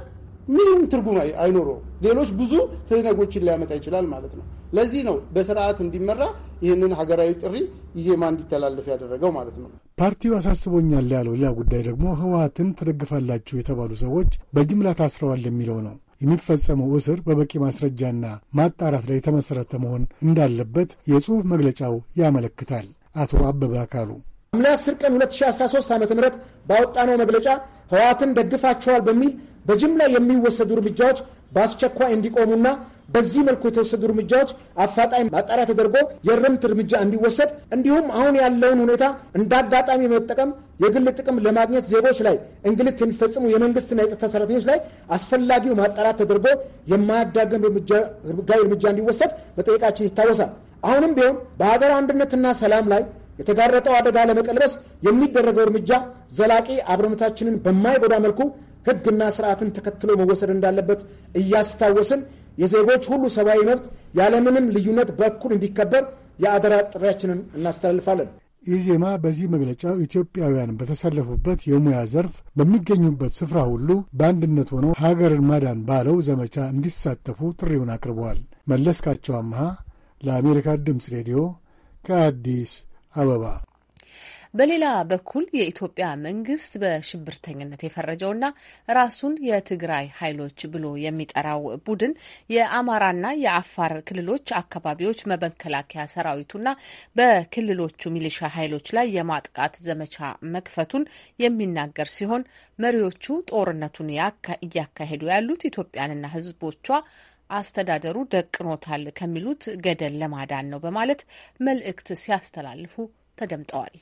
ምንም ትርጉም አይኖረው። ሌሎች ብዙ ትህነጎችን ሊያመጣ ይችላል ማለት ነው። ለዚህ ነው በስርዓት እንዲመራ ይህንን ሀገራዊ ጥሪ ኢዜማ እንዲተላለፍ ያደረገው ማለት ነው። ፓርቲው አሳስቦኛል ያለው ሌላ ጉዳይ ደግሞ ህወሀትን ትደግፋላችሁ የተባሉ ሰዎች በጅምላ ታስረዋል የሚለው ነው። የሚፈጸመው እስር በበቂ ማስረጃና ማጣራት ላይ የተመሠረተ መሆን እንዳለበት የጽሑፍ መግለጫው ያመለክታል። አቶ አበበ አካሉ ሐምሌ 10 ቀን 2013 ዓ ም ባወጣነው መግለጫ ህወሓትን ደግፋቸዋል በሚል በጅምላ የሚወሰዱ እርምጃዎች በአስቸኳይ እንዲቆሙና በዚህ መልኩ የተወሰዱ እርምጃዎች አፋጣኝ ማጣሪያ ተደርጎ የእርምት እርምጃ እንዲወሰድ እንዲሁም አሁን ያለውን ሁኔታ እንደ አጋጣሚ መጠቀም የግል ጥቅም ለማግኘት ዜጎች ላይ እንግልት የሚፈጽሙ የመንግስትና የጸጥታ ሰራተኞች ላይ አስፈላጊው ማጣራት ተደርጎ የማያዳግም ህጋዊ እርምጃ እንዲወሰድ መጠየቃችን ይታወሳል። አሁንም ቢሆን በሀገር አንድነትና ሰላም ላይ የተጋረጠው አደጋ ለመቀልበስ የሚደረገው እርምጃ ዘላቂ አብሮነታችንን በማይጎዳ መልኩ ሕግና ስርዓትን ተከትሎ መወሰድ እንዳለበት እያስታወስን የዜጎች ሁሉ ሰብአዊ መብት ያለምንም ልዩነት በእኩል እንዲከበር የአደራ ጥሪያችንን እናስተላልፋለን። ኢዜማ በዚህ መግለጫው ኢትዮጵያውያን በተሰለፉበት የሙያ ዘርፍ በሚገኙበት ስፍራ ሁሉ በአንድነት ሆነው ሀገርን ማዳን ባለው ዘመቻ እንዲሳተፉ ጥሪውን አቅርበዋል። መለስካቸው አምሃ ለአሜሪካ ድምፅ ሬዲዮ ከአዲስ አበባ። በሌላ በኩል የኢትዮጵያ መንግስት በሽብርተኝነት የፈረጀውና ራሱን የትግራይ ኃይሎች ብሎ የሚጠራው ቡድን የአማራና የአፋር ክልሎች አካባቢዎች መከላከያ ሰራዊቱና በክልሎቹ ሚሊሻ ኃይሎች ላይ የማጥቃት ዘመቻ መክፈቱን የሚናገር ሲሆን መሪዎቹ ጦርነቱን እያካሄዱ ያሉት ኢትዮጵያንና ሕዝቦቿ አስተዳደሩ ደቅኖታል ከሚሉት ገደል ለማዳን ነው በማለት መልእክት ሲያስተላልፉ ተደምጠዋል።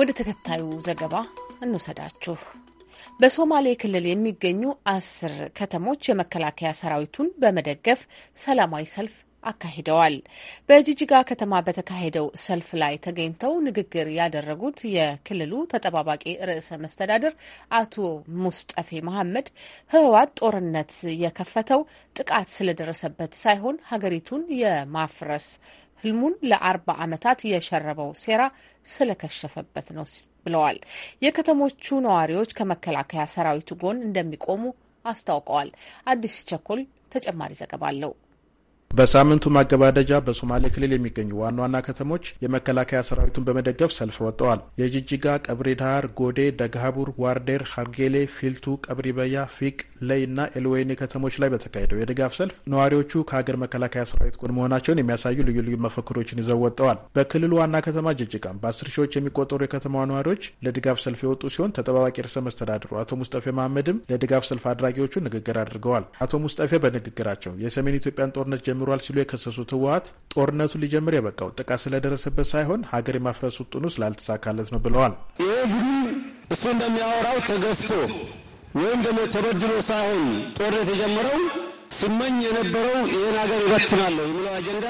ወደ ተከታዩ ዘገባ እንውሰዳችሁ። በሶማሌ ክልል የሚገኙ አስር ከተሞች የመከላከያ ሰራዊቱን በመደገፍ ሰላማዊ ሰልፍ አካሂደዋል። በጂጂጋ ከተማ በተካሄደው ሰልፍ ላይ ተገኝተው ንግግር ያደረጉት የክልሉ ተጠባባቂ ርዕሰ መስተዳድር አቶ ሙስጠፌ መሐመድ ህወሓት ጦርነት የከፈተው ጥቃት ስለደረሰበት ሳይሆን ሀገሪቱን የማፍረስ ህልሙን ለአርባ ዓመታት የሸረበው ሴራ ስለከሸፈበት ነው ብለዋል። የከተሞቹ ነዋሪዎች ከመከላከያ ሰራዊቱ ጎን እንደሚቆሙ አስታውቀዋል። አዲስ ቸኮል ተጨማሪ ዘገባ አለው። በሳምንቱ ማገባደጃ በሶማሌ ክልል የሚገኙ ዋና ዋና ከተሞች የመከላከያ ሰራዊቱን በመደገፍ ሰልፍ ወጥተዋል። የጂጂጋ፣ ቀብሪ ዳሃር፣ ጎዴ፣ ደግሃቡር፣ ዋርዴር፣ ሀርጌሌ፣ ፊልቱ፣ ቀብሪ በያ፣ ፊቅ፣ ለይ እና ኤልወይኒ ከተሞች ላይ በተካሄደው የድጋፍ ሰልፍ ነዋሪዎቹ ከሀገር መከላከያ ሰራዊት ጎን መሆናቸውን የሚያሳዩ ልዩ ልዩ መፈክሮችን ይዘው ወጥተዋል። በክልሉ ዋና ከተማ ጅጅጋም በአስር ሺዎች የሚቆጠሩ የከተማዋ ነዋሪዎች ለድጋፍ ሰልፍ የወጡ ሲሆን ተጠባባቂ ርዕሰ መስተዳድሩ አቶ ሙስጠፌ መሐመድም ለድጋፍ ሰልፍ አድራጊዎቹ ንግግር አድርገዋል። አቶ ሙስጠፌ በንግግራቸው የሰሜን ኢትዮጵያን ጦርነት ጀምሯል ሲሉ የከሰሱት ህወሀት ጦርነቱ ሊጀምር የበቃው ጥቃት ስለደረሰበት ሳይሆን ሀገር የማፍረስ ውጥኑ ስላልተሳካለት ነው ብለዋል። ይህ ቡድን እሱ እንደሚያወራው ተገፍቶ ወይም ደግሞ ተበድሎ ሳይሆን ጦርነት የጀመረው ስመኝ የነበረው ይህን ሀገር ይበትናለሁ የሚለው አጀንዳ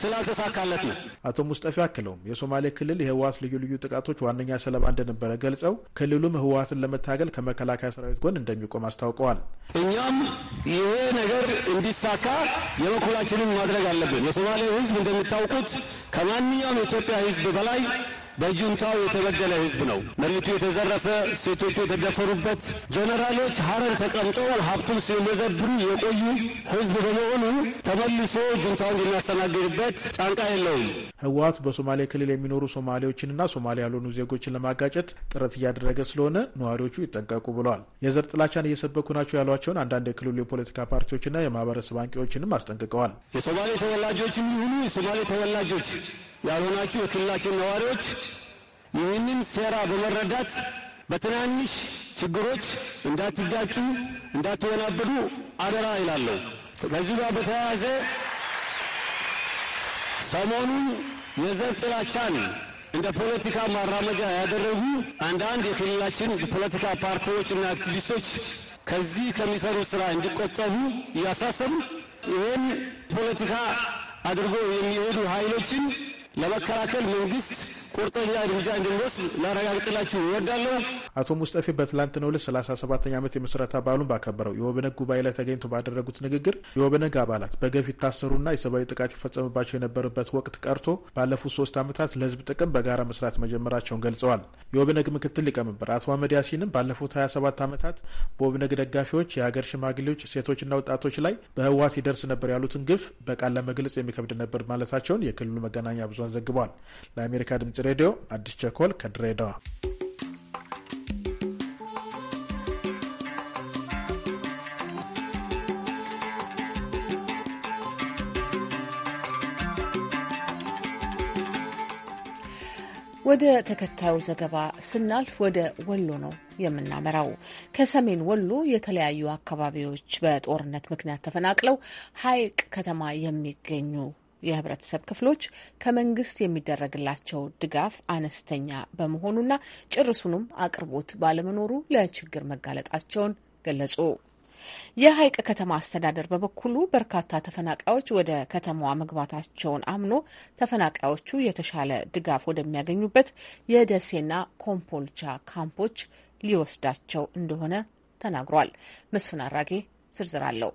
ስላልተሳካለት ነው። አቶ ሙስጠፊ አክለውም የሶማሌ ክልል የህወሀት ልዩ ልዩ ጥቃቶች ዋነኛ ሰለባ እንደነበረ ገልጸው ክልሉም ህወሀትን ለመታገል ከመከላከያ ሰራዊት ጎን እንደሚቆም አስታውቀዋል። እኛም ይሄ ነገር እንዲሳካ የበኩላችንን ማድረግ አለብን። የሶማሌ ህዝብ እንደሚታውቁት ከማንኛውም የኢትዮጵያ ህዝብ በላይ በጁንታው የተበደለ ህዝብ ነው። መሬቱ የተዘረፈ፣ ሴቶቹ የተደፈሩበት፣ ጀነራሎች ሀረር ተቀምጠው ሀብቱን ሲመዘብሩ የቆዩ ህዝብ በመሆኑ ተመልሶ ጁንታውን የሚያስተናግድበት ጫንቃ የለውም። ህወሀት በሶማሌ ክልል የሚኖሩ ሶማሌዎችንና ሶማሌ ያልሆኑ ዜጎችን ለማጋጨት ጥረት እያደረገ ስለሆነ ነዋሪዎቹ ይጠንቀቁ ብለዋል። የዘር ጥላቻን እየሰበኩ ናቸው ያሏቸውን አንዳንድ የክልሉ የፖለቲካ ፓርቲዎችና የማህበረሰብ አንቂዎችንም አስጠንቅቀዋል። የሶማሌ ተወላጆችም ይሁኑ የሶማሌ ተወላጆች ያልሆናችሁ የክልላችን ነዋሪዎች ይህንን ሴራ በመረዳት በትናንሽ ችግሮች እንዳትጋጩ፣ እንዳትወናብዱ አደራ ይላለሁ። ከዚሁ ጋር በተያያዘ ሰሞኑን የዘር ጥላቻን እንደ ፖለቲካ ማራመጃ ያደረጉ አንዳንድ የክልላችን ፖለቲካ ፓርቲዎችና አክቲቪስቶች ከዚህ ከሚሰሩ ስራ እንዲቆጠቡ እያሳሰቡ ይህን ፖለቲካ አድርጎ የሚሄዱ ኃይሎችን ለመከላከል መንግስት ቁርጠኛ እርምጃ እንድንወስድ ላረጋግጥላችሁ እወዳለሁ። አቶ ሙስጠፌ በትላንትናው ዕለት ሰላሳ ሰባተኛ ዓመት የምስረታ በዓሉን ባከበረው የወበነግ ጉባኤ ላይ ተገኝቶ ባደረጉት ንግግር የወበነግ አባላት በገፍ ይታሰሩና የሰብአዊ ጥቃት ይፈጸምባቸው የነበረበት ወቅት ቀርቶ ባለፉት ሶስት ዓመታት ለህዝብ ጥቅም በጋራ መስራት መጀመራቸውን ገልጸዋል። የወብነግ ምክትል ሊቀመንበር አቶ አህመድ ያሲንም ባለፉት 27 ዓመታት በወብነግ ደጋፊዎች፣ የሀገር ሽማግሌዎች፣ ሴቶችና ወጣቶች ላይ በህዋት ይደርስ ነበር ያሉትን ግፍ በቃል ለመግለጽ የሚከብድ ነበር ማለታቸውን የክልሉ መገናኛ ብዙን ዘግበዋል። ለአሜሪካ ድምጽ ሬዲዮ አዲስ ቸኮል ከድሬዳዋ። ወደ ተከታዩ ዘገባ ስናልፍ ወደ ወሎ ነው የምናመራው። ከሰሜን ወሎ የተለያዩ አካባቢዎች በጦርነት ምክንያት ተፈናቅለው ሀይቅ ከተማ የሚገኙ የህብረተሰብ ክፍሎች ከመንግስት የሚደረግላቸው ድጋፍ አነስተኛ በመሆኑና ጭርሱንም አቅርቦት ባለመኖሩ ለችግር መጋለጣቸውን ገለጹ። የሀይቅ ከተማ አስተዳደር በበኩሉ በርካታ ተፈናቃዮች ወደ ከተማዋ መግባታቸውን አምኖ ተፈናቃዮቹ የተሻለ ድጋፍ ወደሚያገኙበት የደሴና ኮምፖልቻ ካምፖች ሊወስዳቸው እንደሆነ ተናግሯል። መስፍን አራጌ ዝርዝር አለው።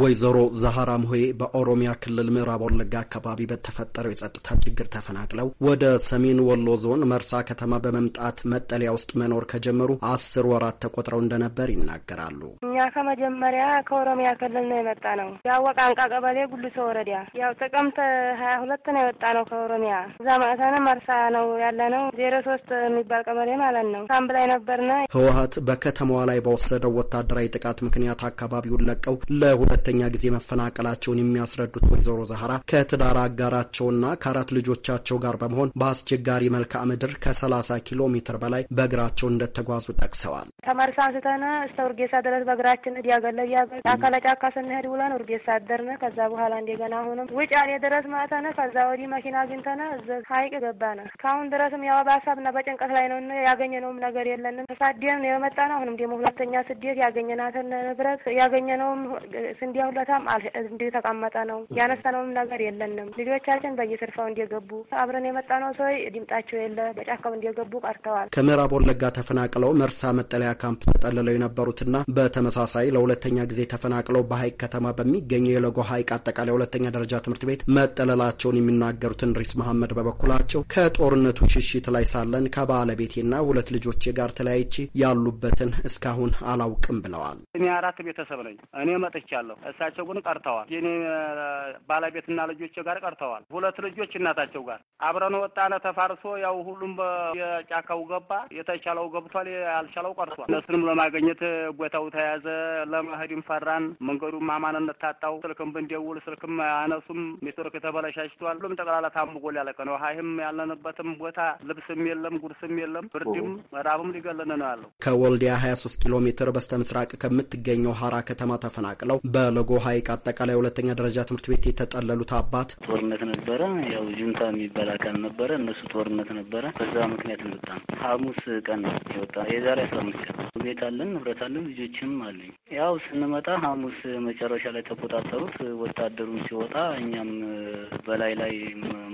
ወይዘሮ ዛሃራም ሆይ በኦሮሚያ ክልል ምዕራብ ወለጋ አካባቢ በተፈጠረው የጸጥታ ችግር ተፈናቅለው ወደ ሰሜን ወሎ ዞን መርሳ ከተማ በመምጣት መጠለያ ውስጥ መኖር ከጀመሩ አስር ወራት ተቆጥረው እንደነበር ይናገራሉ። እኛ ከመጀመሪያ ከኦሮሚያ ክልል ነው የመጣ ነው። ያወቅ አንቃ ቀበሌ ጉልሶ ወረዳ ያው ጥቅምት ሀያ ሁለት ነው የወጣ ነው ከኦሮሚያ እዛ መእተነ መርሳ ነው ያለ ነው ዜሮ ሶስት የሚባል ቀበሌ ማለት ነው። ካምፕ ላይ ነበርና ህወሀት በከተማዋ ላይ በወሰደው ወታደራዊ ጥቃት ምክንያት አካባቢውን ለቀው ለሁ ለሁለተኛ ጊዜ መፈናቀላቸውን የሚያስረዱት ወይዘሮ ዛህራ ከትዳር አጋራቸውና ከአራት ልጆቻቸው ጋር በመሆን በአስቸጋሪ መልክዓ ምድር ከ30 ኪሎ ሜትር በላይ በእግራቸው እንደተጓዙ ጠቅሰዋል። ከመርሳ አንስተን እስከ ውርጌሳ ድረስ በእግራችን እያገለ እያገ ጫካ ለጫካ ስንሄድ ውለን ውርጌሳ አደርነ። ከዛ በኋላ እንደገና አሁንም ውጫሌ ድረስ ማተነ። ከዛ ወዲህ መኪና አግኝተነ እዘ ሀይቅ ገባነ። ከአሁን ድረስም ያው በሀሳብና በጭንቀት ላይ ነው። ያገኘነውም ነገር የለንም። ተሳደን የመጣ ነው። አሁንም ደግሞ ሁለተኛ ስደት ያገኘናትን ንብረት ያገኘነውም እንዲ እንዲተቀመጠ ነው። ያነሳነውም ነገር የለንም። ልጆቻችን በየስርፋው እንዲገቡ አብረን የመጣ ነው ሰዎች ድምጣቸው የለ በጫካው እንዲገቡ ቀርተዋል። ከምዕራብ ወለጋ ተፈናቅለው መርሳ መጠለያ ካምፕ ተጠልለው የነበሩትና በተመሳሳይ ለሁለተኛ ጊዜ ተፈናቅለው በሀይቅ ከተማ በሚገኘው የለጎ ሀይቅ አጠቃላይ ሁለተኛ ደረጃ ትምህርት ቤት መጠለላቸውን የሚናገሩትን ሪስ መሐመድ በበኩላቸው ከጦርነቱ ሽሽት ላይ ሳለን ከባለቤቴና ሁለት ልጆቼ ጋር ተለያይቼ ያሉበትን እስካሁን አላውቅም ብለዋል። እኔ አራት ቤተሰብ ነኝ። እኔ መጥቻለሁ አውቃለሁ። እሳቸው ግን ቀርተዋል። የኔ ባለቤትና ልጆች ጋር ቀርተዋል። ሁለት ልጆች እናታቸው ጋር አብረን ወጣነ። ተፋርሶ ያው ሁሉም የጫካው ገባ። የተቻለው ገብቷል፣ ያልቻለው ቀርቷል። እነሱንም ለማግኘት ቦታው ተያዘ። ለመሄድም ፈራን። መንገዱም አማንነት ታጣው። ስልክም ብንደውል ስልክም አነሱም፣ ኔትወርክ ተበለሻሽቷል። ሁሉም ጠቅላላ ታምጎ ሊያለቀ ነው። ሀይም ያለንበትም ቦታ ልብስም የለም፣ ጉርስም የለም፣ ብርድም ራብም ሊገለን ነው ያለው። ከወልዲያ 23 ኪሎ ሜትር በስተ ምስራቅ ከምትገኘው ሀራ ከተማ ተፈናቅለው በ በለጎ ሀይቅ አጠቃላይ ሁለተኛ ደረጃ ትምህርት ቤት የተጠለሉት አባት ጦርነት ነበረ። ያው ጁንታ የሚባል አካል ነበረ። እነሱ ጦርነት ነበረ። በዛ ምክንያት እንወጣ ሐሙስ ቀን ነው የወጣ። የዛሬ አስራ አምስት ቀን ቤት አለን፣ ንብረት አለን፣ ልጆችም አለኝ። ያው ስንመጣ ሐሙስ መጨረሻ ላይ ተቆጣጠሩት። ወታደሩም ሲወጣ እኛም በላይ ላይ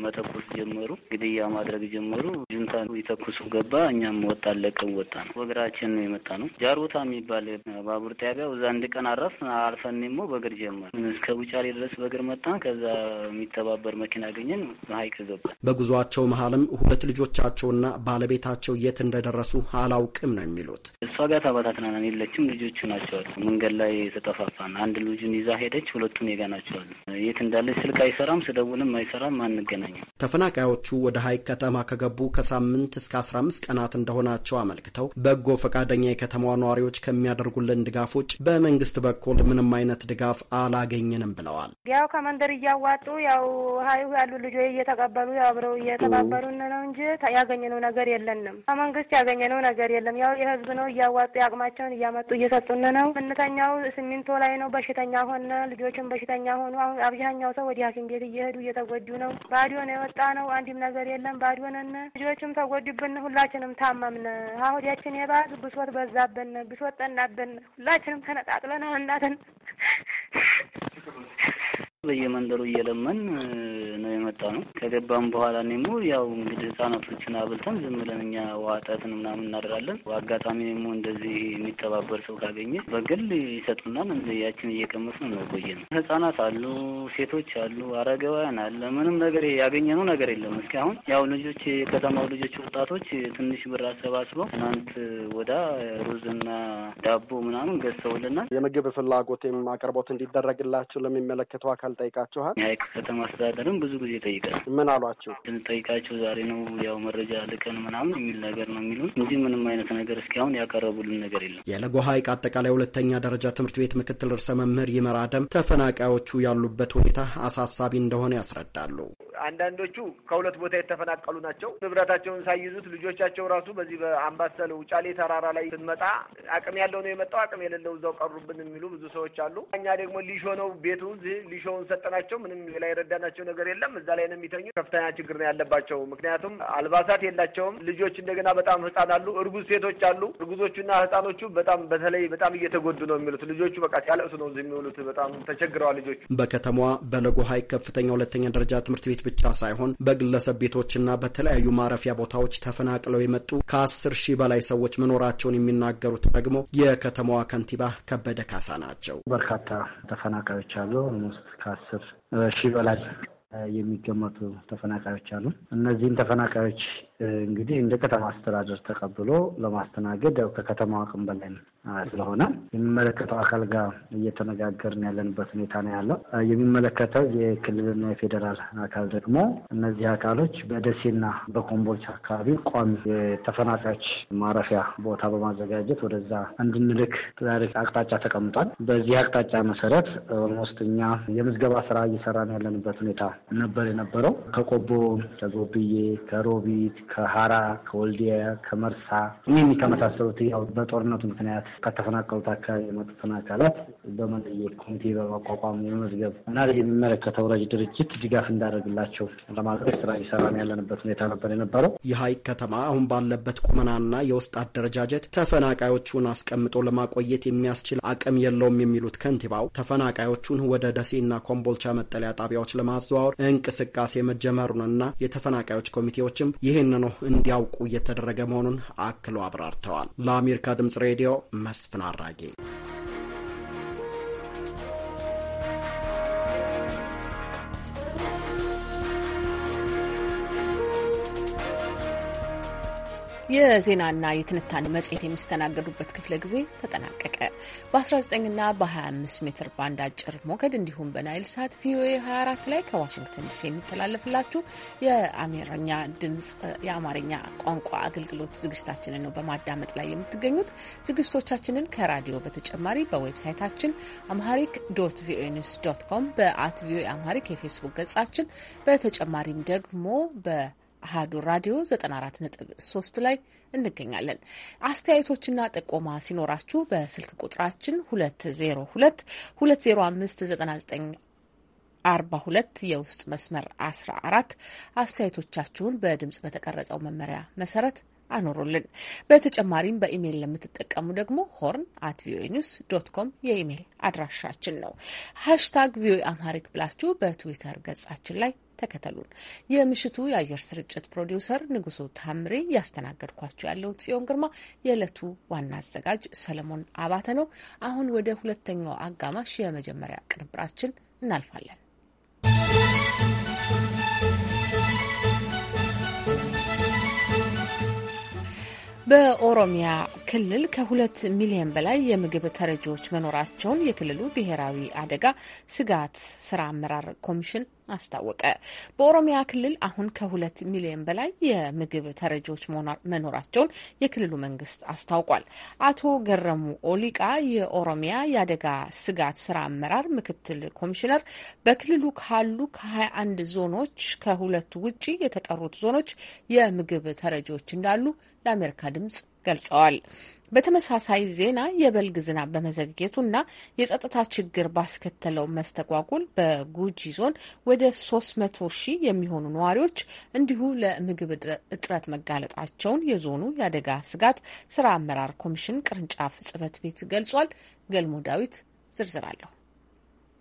መተኮስ ጀመሩ። ግድያ ማድረግ ጀመሩ። ጁንታ ይተኩሱ ገባ። እኛም ወጣ ለቀን ወጣ ነው። ወገራችን የመጣ ነው ጃሩታ የሚባል ባቡር ጣቢያ እዛ አንድ ቀን አረፍ አልፈን ደግሞ በእግር ጀመር። እስከ ውጫሌ ድረስ በእግር መጣ። ከዛ የሚተባበር መኪና አገኘን፣ ሀይቅ ገባ በጉዟቸው መሀልም ሁለት ልጆቻቸውና ባለቤታቸው የት እንደደረሱ አላውቅም ነው የሚሉት። እሷ ጋር ታባታትናናን የለችም፣ ልጆቹ ናቸዋል። መንገድ ላይ ተጠፋፋን። አንድ ልጁን ይዛ ሄደች፣ ሁለቱም የጋ ናቸዋል። የት እንዳለች ስልክ አይሰራም፣ ስደውልም አይሰራም፣ አንገናኝም። ተፈናቃዮቹ ወደ ሀይቅ ከተማ ከገቡ ከሳምንት እስከ አስራ አምስት ቀናት እንደሆናቸው አመልክተው በጎ ፈቃደኛ የከተማዋ ነዋሪዎች ከሚያደርጉልን ድጋፎች በመንግስት በኩል ምንም አይነት ድጋፍ አላገኘንም ብለዋል። ያው ከመንደር እያዋጡ ያው ሀይ ያሉ ልጆች እየተቀበሉ አብረው እየተባበሩን ነው እንጂ ያገኘነው ነገር የለንም። ከመንግስት ያገኘነው ነገር የለም። ያው የህዝብ ነው እያዋጡ የአቅማቸውን እያመጡ እየሰጡን ነው። ምንተኛው ሲሚንቶ ላይ ነው። በሽተኛ ሆነ ልጆችን በሽተኛ ሆኑ። አሁን አብዛኛው ሰው ወደ ሐኪም ቤት እየሄዱ እየተጎዱ ነው። ባዶ ነው የወጣ ነው። አንድም ነገር የለም። ባዶ ነን። ልጆችም ተጎዱብን። ሁላችንም ታመምነ። አሁዳችን የባዝ ብሶት በዛብን፣ ብሶት ጠናብን። ሁላችንም ተነጣጥለን አናትን በየመንደሩ እየለመን የመጣ ነው። ከገባም በኋላ ኔሞ ያው እንግዲህ ህጻናቶችን አብልተን ዝም ብለን እኛ ዋጣትን ምናምን እናደራለን። አጋጣሚ ኔሞ እንደዚህ የሚተባበር ሰው ካገኘ በግል ይሰጡናል። ያችን እየቀመስ ነው ቆየ ነው። ህጻናት አሉ፣ ሴቶች አሉ፣ አረጋውያን አለ። ምንም ነገር ነው ነገር የለም አሁን ያው ልጆች የከተማው ልጆች ወጣቶች ትንሽ ብር አሰባስበው ትናንት ወዳ ሩዝና ዳቦ ምናምን ገዝተውልናል። የምግብ ፍላጎት አቅርቦት እንዲደረግላቸው ለሚመለከተው አካል ጠይቃችኋል? የሀይቅ ከተማ አስተዳደርም ብዙ ጊዜ ጠይቀናል። ምን አሏቸው? ስንጠይቃቸው ዛሬ ነው ያው መረጃ ልከን ምናምን የሚል ነገር ነው የሚሉን እንጂ ምንም አይነት ነገር እስካሁን ያቀረቡልን ነገር የለም። የለጎ ሀይቅ አጠቃላይ ሁለተኛ ደረጃ ትምህርት ቤት ምክትል ርዕሰ መምህር ይመራ ደም ተፈናቃዮቹ ያሉበት ሁኔታ አሳሳቢ እንደሆነ ያስረዳሉ። አንዳንዶቹ ከሁለት ቦታ የተፈናቀሉ ናቸው። ንብረታቸውን ሳይዙት ልጆቻቸው ራሱ በዚህ በአምባሰል ውጫሌ ተራራ ላይ ስንመጣ አቅም ያለው ነው የመጣው፣ አቅም የሌለው እዛው ቀሩብን የሚሉ ብዙ ሰዎች አሉ። እኛ ደግሞ ሊሾ ነው ቤቱ፣ ሊሾውን ሰጠናቸው። ምንም ሌላ የረዳናቸው ነገር የለም። አይደለም። እዛ ላይ ነው የሚተኙ። ከፍተኛ ችግር ነው ያለባቸው። ምክንያቱም አልባሳት የላቸውም። ልጆች እንደገና በጣም ህጻን አሉ፣ እርጉዝ ሴቶች አሉ። እርጉዞቹና ህጻኖቹ በጣም በተለይ በጣም እየተጎዱ ነው የሚሉት። ልጆቹ በቃ ሲያለቅሱ ነው እዚህ የሚውሉት። በጣም ተቸግረዋል ልጆቹ። በከተማዋ በለጎ ሀይ ከፍተኛ ሁለተኛ ደረጃ ትምህርት ቤት ብቻ ሳይሆን በግለሰብ ቤቶችና በተለያዩ ማረፊያ ቦታዎች ተፈናቅለው የመጡ ከአስር ሺህ በላይ ሰዎች መኖራቸውን የሚናገሩት ደግሞ የከተማዋ ከንቲባ ከበደ ካሳ ናቸው። በርካታ ተፈናቃዮች አሉ ከአስር ሺህ በላይ የሚገመቱ ተፈናቃዮች አሉ። እነዚህን ተፈናቃዮች እንግዲህ እንደ ከተማ አስተዳደር ተቀብሎ ለማስተናገድ ያው ከከተማ አቅም በላይ ስለሆነ የሚመለከተው አካል ጋር እየተነጋገርን ያለንበት ሁኔታ ነው ያለው። የሚመለከተው የክልልና የፌዴራል አካል ደግሞ እነዚህ አካሎች በደሴና በኮምቦልቻ አካባቢ ቋሚ የተፈናቃዮች ማረፊያ ቦታ በማዘጋጀት ወደዛ እንድንልክ ትላልቅ አቅጣጫ ተቀምጧል። በዚህ አቅጣጫ መሰረት ኦልሞስት እኛ የምዝገባ ስራ እየሰራን ያለንበት ሁኔታ ነበር የነበረው ከቆቦ ከጎብዬ ከሮቢት ከሀራ፣ ከወልዲያ፣ ከመርሳ እኒህ ከመሳሰሉት ያው በጦርነቱ ምክንያት ከተፈናቀሉት አካባቢ የመጡትን አካላት በመለየት ኮሚቴ በማቋቋም የመዝገብ እና የሚመለከተው ረጅ ድርጅት ድጋፍ እንዳደረግላቸው ለማድረግ ስራ እየሰራን ያለንበት ሁኔታ ነበር የነበረው። የሀይቅ ከተማ አሁን ባለበት ቁመናና የውስጥ አደረጃጀት ተፈናቃዮቹን አስቀምጦ ለማቆየት የሚያስችል አቅም የለውም የሚሉት ከንቲባው ተፈናቃዮቹን ወደ ደሴና ኮምቦልቻ መጠለያ ጣቢያዎች ለማዘዋወር እንቅስቃሴ መጀመሩንና የተፈናቃዮች ኮሚቴዎችም ይህንን ነው እንዲያውቁ እየተደረገ መሆኑን አክሎ አብራርተዋል። ለአሜሪካ ድምጽ ሬዲዮ መስፍን አራጌ የዜናና የትንታኔ መጽሔት የሚስተናገዱበት ክፍለ ጊዜ ተጠናቀቀ። በ19ና በ25 ሜትር ባንድ አጭር ሞገድ እንዲሁም በናይል ሳት ቪኦኤ 24 ላይ ከዋሽንግተን ዲሲ የሚተላለፍላችሁ የአሜርኛ ድምፅ የአማርኛ ቋንቋ አገልግሎት ዝግጅታችንን ነው በማዳመጥ ላይ የምትገኙት። ዝግጅቶቻችንን ከራዲዮ በተጨማሪ በዌብሳይታችን አምሃሪክ ዶት ቪኦኤ ኒውስ ዶት ኮም፣ በአት ቪኦኤ አምሃሪክ የፌስቡክ ገጻችን በተጨማሪም ደግሞ በ አህዱ ራዲዮ 94.3 ላይ እንገኛለን። አስተያየቶችና ጥቆማ ሲኖራችሁ በስልክ ቁጥራችን 202 205 9942 የውስጥ መስመር 14 አስተያየቶቻችሁን በድምጽ በተቀረጸው መመሪያ መሰረት አኖሩልን። በተጨማሪም በኢሜይል ለምትጠቀሙ ደግሞ ሆርን አት ቪኦኤ ኒውስ ዶት ኮም የኢሜይል አድራሻችን ነው። ሀሽታግ ቪኦኤ አማሪክ ብላችሁ በትዊተር ገጻችን ላይ ተከተሉን። የምሽቱ የአየር ስርጭት ፕሮዲውሰር ንጉሱ ታምሬ፣ ያስተናገድኳችሁ ያለው ጽዮን ግርማ፣ የዕለቱ ዋና አዘጋጅ ሰለሞን አባተ ነው። አሁን ወደ ሁለተኛው አጋማሽ የመጀመሪያ ቅንብራችን እናልፋለን። በኦሮሚያ ክልል ከሁለት ሚሊዮን በላይ የምግብ ተረጂዎች መኖራቸውን የክልሉ ብሔራዊ አደጋ ስጋት ስራ አመራር ኮሚሽን አስታወቀ። በኦሮሚያ ክልል አሁን ከሁለት ሚሊዮን በላይ የምግብ ተረጂዎች መኖራቸውን የክልሉ መንግስት አስታውቋል። አቶ ገረሙ ኦሊቃ የኦሮሚያ የአደጋ ስጋት ስራ አመራር ምክትል ኮሚሽነር በክልሉ ካሉ ከ21 ዞኖች ከሁለቱ ውጪ የተቀሩት ዞኖች የምግብ ተረጂዎች እንዳሉ ለአሜሪካ ድምጽ ገልጸዋል። በተመሳሳይ ዜና የበልግ ዝናብ በመዘግየቱና የጸጥታ ችግር ባስከተለው መስተጓጉል በጉጂ ዞን ወደ 300 ሺህ የሚሆኑ ነዋሪዎች እንዲሁ ለምግብ እጥረት መጋለጣቸውን የዞኑ የአደጋ ስጋት ስራ አመራር ኮሚሽን ቅርንጫፍ ጽህፈት ቤት ገልጿል። ገልሞ ዳዊት ዝርዝር አለሁ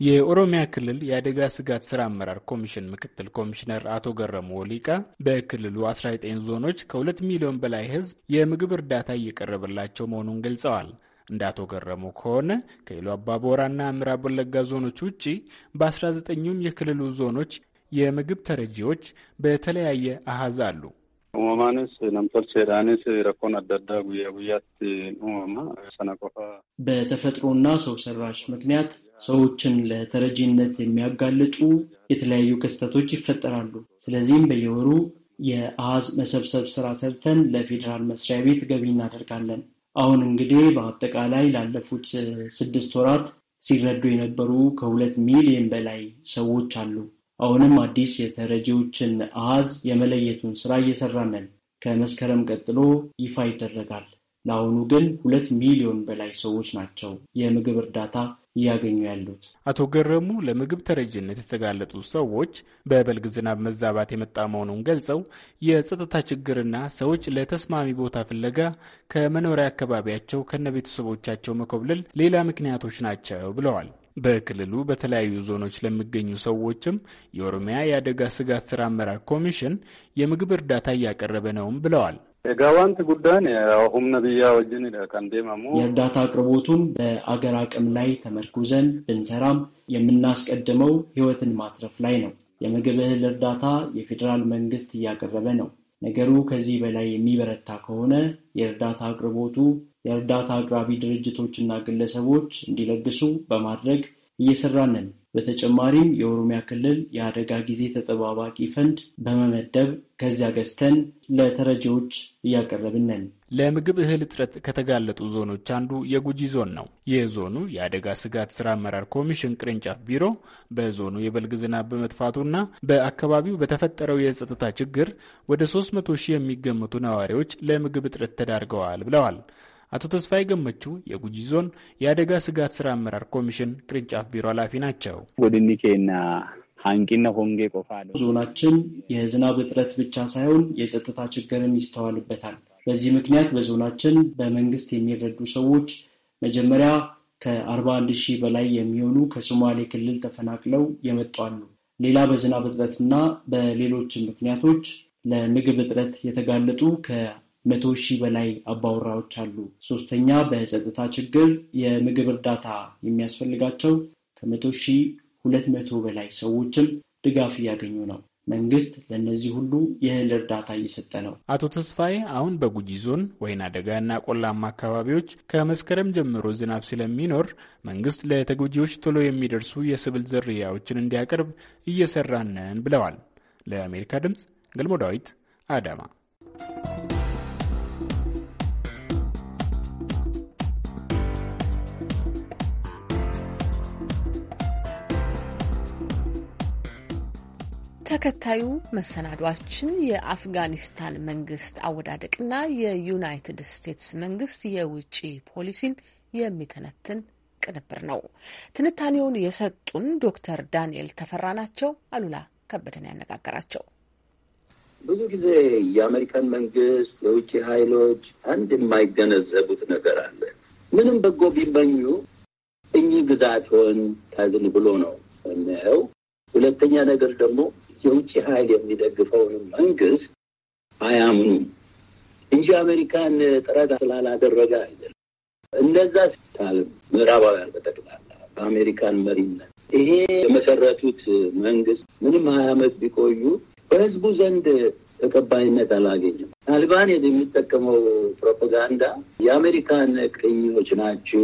የኦሮሚያ ክልል የአደጋ ስጋት ስራ አመራር ኮሚሽን ምክትል ኮሚሽነር አቶ ገረሙ ወሊቃ በክልሉ 19 ዞኖች ከ2 ሚሊዮን በላይ ህዝብ የምግብ እርዳታ እየቀረበላቸው መሆኑን ገልጸዋል። እንደ አቶ ገረሙ ከሆነ ከኢሉ አባቦራና ምዕራብ ወለጋ ዞኖች ውጪ በ19ኙም የክልሉ ዞኖች የምግብ ተረጂዎች በተለያየ አሃዝ አሉ። Uumamaanis namtolcheedhaanis rakkoon adda addaa guyyaa guyyaatti uumama sana qofa በተፈጥሮና ሰው ሰራሽ ምክንያት ሰዎችን ለተረጂነት የሚያጋልጡ የተለያዩ ክስተቶች ይፈጠራሉ። ስለዚህም በየወሩ የአሃዝ መሰብሰብ ስራ ሰርተን ለፌዴራል መስሪያ ቤት ገቢ እናደርጋለን። አሁን እንግዲህ በአጠቃላይ ላለፉት ስድስት ወራት ሲረዱ የነበሩ ከሁለት ሚሊዮን በላይ ሰዎች አሉ። አሁንም አዲስ የተረጂዎችን አሃዝ የመለየቱን ስራ እየሰራ ነን። ከመስከረም ቀጥሎ ይፋ ይደረጋል። ለአሁኑ ግን ሁለት ሚሊዮን በላይ ሰዎች ናቸው የምግብ እርዳታ እያገኙ ያሉት። አቶ ገረሙ ለምግብ ተረጅነት የተጋለጡ ሰዎች በበልግ ዝናብ መዛባት የመጣ መሆኑን ገልጸው የጸጥታ ችግርና ሰዎች ለተስማሚ ቦታ ፍለጋ ከመኖሪያ አካባቢያቸው ከነ ቤተሰቦቻቸው መኮብለል ሌላ ምክንያቶች ናቸው ብለዋል። በክልሉ በተለያዩ ዞኖች ለሚገኙ ሰዎችም የኦሮሚያ የአደጋ ስጋት ስራ አመራር ኮሚሽን የምግብ እርዳታ እያቀረበ ነውም ብለዋል። ጋዋንት ጉዳይ ሁምነ ብያ ወጅን ከንዴማሙ የእርዳታ አቅርቦቱን በአገር አቅም ላይ ተመርኩዘን ብንሰራም የምናስቀድመው ህይወትን ማትረፍ ላይ ነው። የምግብ እህል እርዳታ የፌዴራል መንግስት እያቀረበ ነው። ነገሩ ከዚህ በላይ የሚበረታ ከሆነ የእርዳታ አቅርቦቱ የእርዳታ አቅራቢ ድርጅቶችና ግለሰቦች እንዲለግሱ በማድረግ እየሰራንን ነን። በተጨማሪም የኦሮሚያ ክልል የአደጋ ጊዜ ተጠባባቂ ፈንድ በመመደብ ከዚያ ገዝተን ለተረጂዎች እያቀረብን ነን። ለምግብ እህል እጥረት ከተጋለጡ ዞኖች አንዱ የጉጂ ዞን ነው። የዞኑ የአደጋ ስጋት ስራ አመራር ኮሚሽን ቅርንጫፍ ቢሮ በዞኑ የበልግ ዝናብ በመጥፋቱና በአካባቢው በተፈጠረው የጸጥታ ችግር ወደ 300 ሺህ የሚገመቱ ነዋሪዎች ለምግብ እጥረት ተዳርገዋል ብለዋል። አቶ ተስፋይ ገመቹ የጉጂ ዞን የአደጋ ስጋት ስራ አመራር ኮሚሽን ቅርንጫፍ ቢሮ ኃላፊ ናቸው። ጎድኒኬና ሀንቂና ሆንጌ ቆፋ ዞናችን የዝናብ እጥረት ብቻ ሳይሆን የጸጥታ ችግርም ይስተዋልበታል። በዚህ ምክንያት በዞናችን በመንግስት የሚረዱ ሰዎች መጀመሪያ ከአርባ አንድ ሺህ በላይ የሚሆኑ ከሶማሌ ክልል ተፈናቅለው የመጡ አሉ። ሌላ በዝናብ እጥረትና በሌሎች ምክንያቶች ለምግብ እጥረት የተጋለጡ ከ መቶ ሺህ በላይ አባወራዎች አሉ። ሶስተኛ በጸጥታ ችግር የምግብ እርዳታ የሚያስፈልጋቸው ከመቶ ሺህ ሁለት መቶ በላይ ሰዎችም ድጋፍ እያገኙ ነው። መንግስት ለእነዚህ ሁሉ የእህል እርዳታ እየሰጠ ነው። አቶ ተስፋዬ አሁን በጉጂ ዞን ወይና ደጋና ቆላማ አካባቢዎች ከመስከረም ጀምሮ ዝናብ ስለሚኖር መንግስት ለተጎጂዎች ቶሎ የሚደርሱ የሰብል ዝርያዎችን እንዲያቀርብ እየሰራነን ብለዋል። ለአሜሪካ ድምፅ ገልሞ ዳዊት አዳማ ተከታዩ መሰናዷችን የአፍጋኒስታን መንግስት አወዳደቅና የዩናይትድ ስቴትስ መንግስት የውጭ ፖሊሲን የሚተነትን ቅንብር ነው። ትንታኔውን የሰጡን ዶክተር ዳንኤል ተፈራ ናቸው። አሉላ ከበደን ያነጋገራቸው ብዙ ጊዜ የአሜሪካን መንግስት የውጭ ኃይሎች አንድ የማይገነዘቡት ነገር አለ። ምንም በጎ ቢመኙ እኚህ ግዛት ሆን ታዝን ብሎ ነው የሚያየው። ሁለተኛ ነገር ደግሞ የውጭ ኃይል የሚደግፈውንም መንግስት አያምኑ እንጂ አሜሪካን ጥረት ስላላደረገ አይደለም። እንደዛ ሲታል ምዕራባውያን በጠቅላላ በአሜሪካን መሪነት ይሄ የመሰረቱት መንግስት ምንም ሀያ ዓመት ቢቆዩ በህዝቡ ዘንድ ተቀባይነት አላገኝም። ታሊባን የሚጠቀመው ፕሮፓጋንዳ የአሜሪካን ቅኞች ናችሁ፣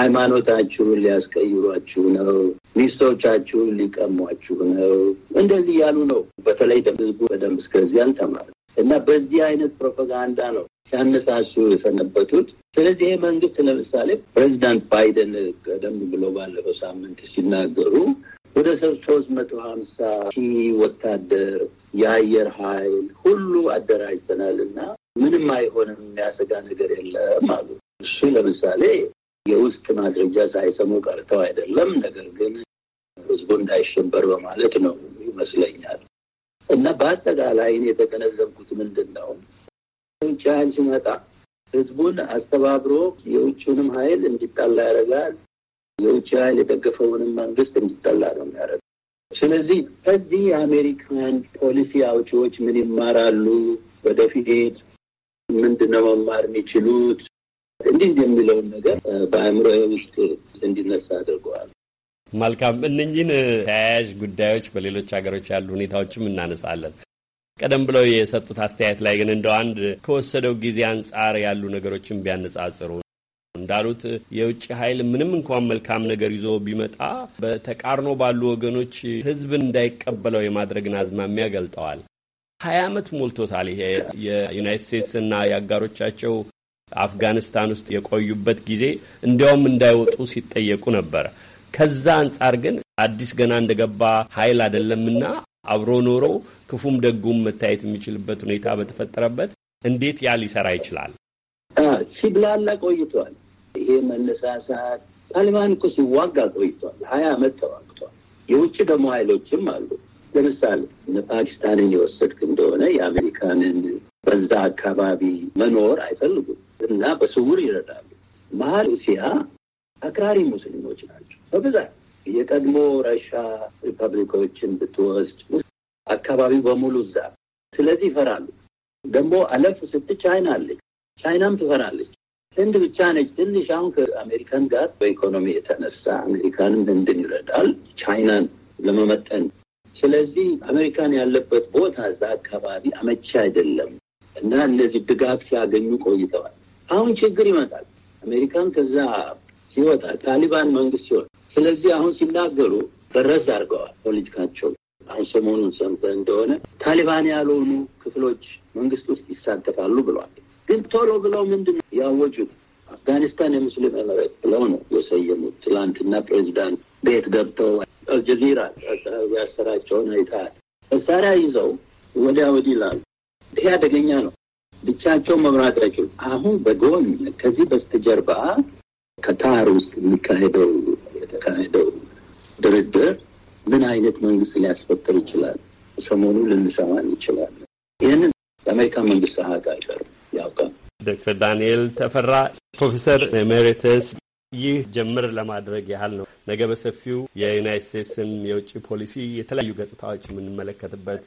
ሃይማኖታችሁን ሊያስቀይሯችሁ ነው፣ ሚስቶቻችሁን ሊቀሟችሁ ነው፣ እንደዚህ እያሉ ነው። በተለይ ህዝቡ በደንብ እስከዚያን ተማር እና በዚህ አይነት ፕሮፓጋንዳ ነው ሲያነሳሱ የሰነበቱት። ስለዚህ ይሄ መንግስት ለምሳሌ ፕሬዚዳንት ባይደን ቀደም ብሎ ባለፈው ሳምንት ሲናገሩ ወደ ሰብ ሶስት መቶ ሀምሳ ሺህ ወታደር የአየር ኃይል ሁሉ አደራጅተናል እና ምንም አይሆንም የሚያሰጋ ነገር የለም አሉ። እሱ ለምሳሌ የውስጥ ማድረጃ ሳይሰሙ ቀርተው አይደለም። ነገር ግን ህዝቡ እንዳይሸበር በማለት ነው ይመስለኛል። እና በአጠቃላይ የተገነዘብኩት ምንድን ነው ውጭ ሀይል ሲመጣ ህዝቡን አስተባብሮ የውጭውንም ሀይል እንዲጣላ ያደርጋል። የውጭ ሀይል የደገፈውንም መንግስት እንዲጠላ ነው የሚያደርገው። ስለዚህ ከዚህ የአሜሪካን ፖሊሲ አውጪዎች ምን ይማራሉ? ወደፊት ምንድነው መማር የሚችሉት? እንዲህ የሚለውን ነገር በአእምሮ ውስጥ እንዲነሳ አድርገዋል። መልካም። እነኚህን ተያያዥ ጉዳዮች በሌሎች ሀገሮች ያሉ ሁኔታዎችም እናነሳለን። ቀደም ብለው የሰጡት አስተያየት ላይ ግን እንደው አንድ ከወሰደው ጊዜ አንጻር ያሉ ነገሮችን ቢያነጻጽሩ እንዳሉት የውጭ ኃይል ምንም እንኳን መልካም ነገር ይዞ ቢመጣ በተቃርኖ ባሉ ወገኖች ሕዝብን እንዳይቀበለው የማድረግን አዝማሚያ ገልጠዋል። ሀያ ዓመት ሞልቶታል። ይሄ የዩናይት ስቴትስና የአጋሮቻቸው አፍጋኒስታን ውስጥ የቆዩበት ጊዜ እንዲያውም እንዳይወጡ ሲጠየቁ ነበር። ከዛ አንጻር ግን አዲስ ገና እንደገባ ኃይል አይደለምና አብሮ ኖሮ ክፉም ደጉም መታየት የሚችልበት ሁኔታ በተፈጠረበት እንዴት ያ ሊሰራ ይችላል? ሲብላላ ቆይቷል። ይሄ መነሳሳት ታሊባን እኮ ሲዋጋ ቆይቷል። ሀያ አመት ተዋግቷል። የውጭ ደግሞ ኃይሎችም አሉ። ለምሳሌ ፓኪስታንን የወሰድክ እንደሆነ የአሜሪካንን በዛ አካባቢ መኖር አይፈልጉም እና በስውር ይረዳሉ። መሀል ሲያ አክራሪ ሙስሊሞች ናቸው በብዛት የቀድሞ ረሻ ሪፐብሊኮችን ብትወስድ አካባቢው በሙሉ እዛ። ስለዚህ ይፈራሉ። ደግሞ አለፍ ስት ቻይና አለች። ቻይናም ትፈራለች። ህንድ ብቻ ነች ትንሽ አሁን ከአሜሪካን ጋር በኢኮኖሚ የተነሳ አሜሪካንም ህንድን ይረዳል ቻይናን ለመመጠን። ስለዚህ አሜሪካን ያለበት ቦታ እዛ አካባቢ አመቺ አይደለም። እና እነዚህ ድጋፍ ሲያገኙ ቆይተዋል። አሁን ችግር ይመጣል። አሜሪካም ከዛ ሲወጣ ታሊባን መንግስት ሲሆን፣ ስለዚህ አሁን ሲናገሩ በረዝ አድርገዋል ፖለቲካቸው። አሁን ሰሞኑን ሰምተህ እንደሆነ ታሊባን ያልሆኑ ክፍሎች መንግስት ውስጥ ይሳተፋሉ ብለዋል። ግን ቶሎ ብለው ምንድን ነው ያወጁት? አፍጋኒስታን የሙስሊም ኤምሬት ብለው ነው የሰየሙት። ትላንትና ፕሬዚዳንት ቤት ገብተው አልጀዚራ ያሰራቸውን አይተሃል። መሳሪያ ይዘው ወዲያ ወዲህ ይላሉ። ይሄ አደገኛ ነው። ብቻቸው መምራት አይችሉም። አሁን በጎን ከዚህ በስተጀርባ ከታር ውስጥ የሚካሄደው የተካሄደው ድርድር ምን አይነት መንግስት ሊያስፈጥር ይችላል? ሰሞኑ ልንሰማን ይችላል ይህንን የአሜሪካ መንግስት ሀቅ አይቀርም ያውቃል። ዶክተር ዳንኤል ተፈራ ፕሮፌሰር ኤሜሪተስ ይህ ጀምር ለማድረግ ያህል ነው። ነገ በሰፊው የዩናይት ስቴትስን የውጭ ፖሊሲ የተለያዩ ገጽታዎች የምንመለከትበት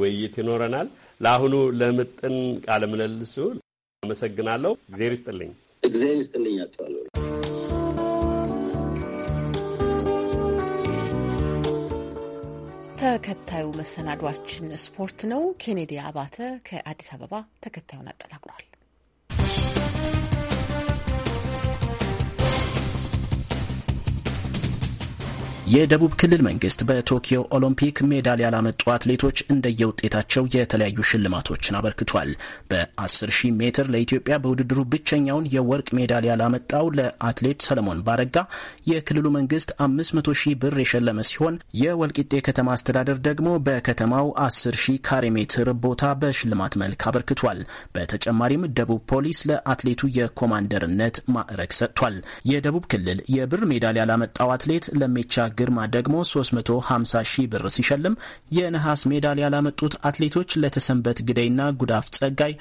ውይይት ይኖረናል። ለአሁኑ ለምጥን ቃለ ምልልሱ አመሰግናለሁ። እግዜር ይስጥልኝ። እግዜር ይስጥልኝ አቸዋለሁ። ተከታዩ መሰናዷችን ስፖርት ነው። ኬኔዲ አባተ ከአዲስ አበባ ተከታዩን አጠናቅሯል። የደቡብ ክልል መንግስት በቶኪዮ ኦሎምፒክ ሜዳሊያ ላመጡ አትሌቶች እንደየውጤታቸው የተለያዩ ሽልማቶችን አበርክቷል። በ10 ሺህ ሜትር ለኢትዮጵያ በውድድሩ ብቸኛውን የወርቅ ሜዳሊያ ላመጣው ለአትሌት ሰለሞን ባረጋ የክልሉ መንግስት 500 ሺህ ብር የሸለመ ሲሆን የወልቂጤ ከተማ አስተዳደር ደግሞ በከተማው 10 ሺህ ካሬ ሜትር ቦታ በሽልማት መልክ አበርክቷል። በተጨማሪም ደቡብ ፖሊስ ለአትሌቱ የኮማንደርነት ማዕረግ ሰጥቷል። የደቡብ ክልል የብር ሜዳሊያ ላመጣው አትሌት ለሜቻ ግርማ ደግሞ 350 ሺህ ብር ሲሸልም የነሐስ ሜዳሊያ ላመጡት አትሌቶች ለተሰንበት ግደይና ጉዳፍ ጸጋይ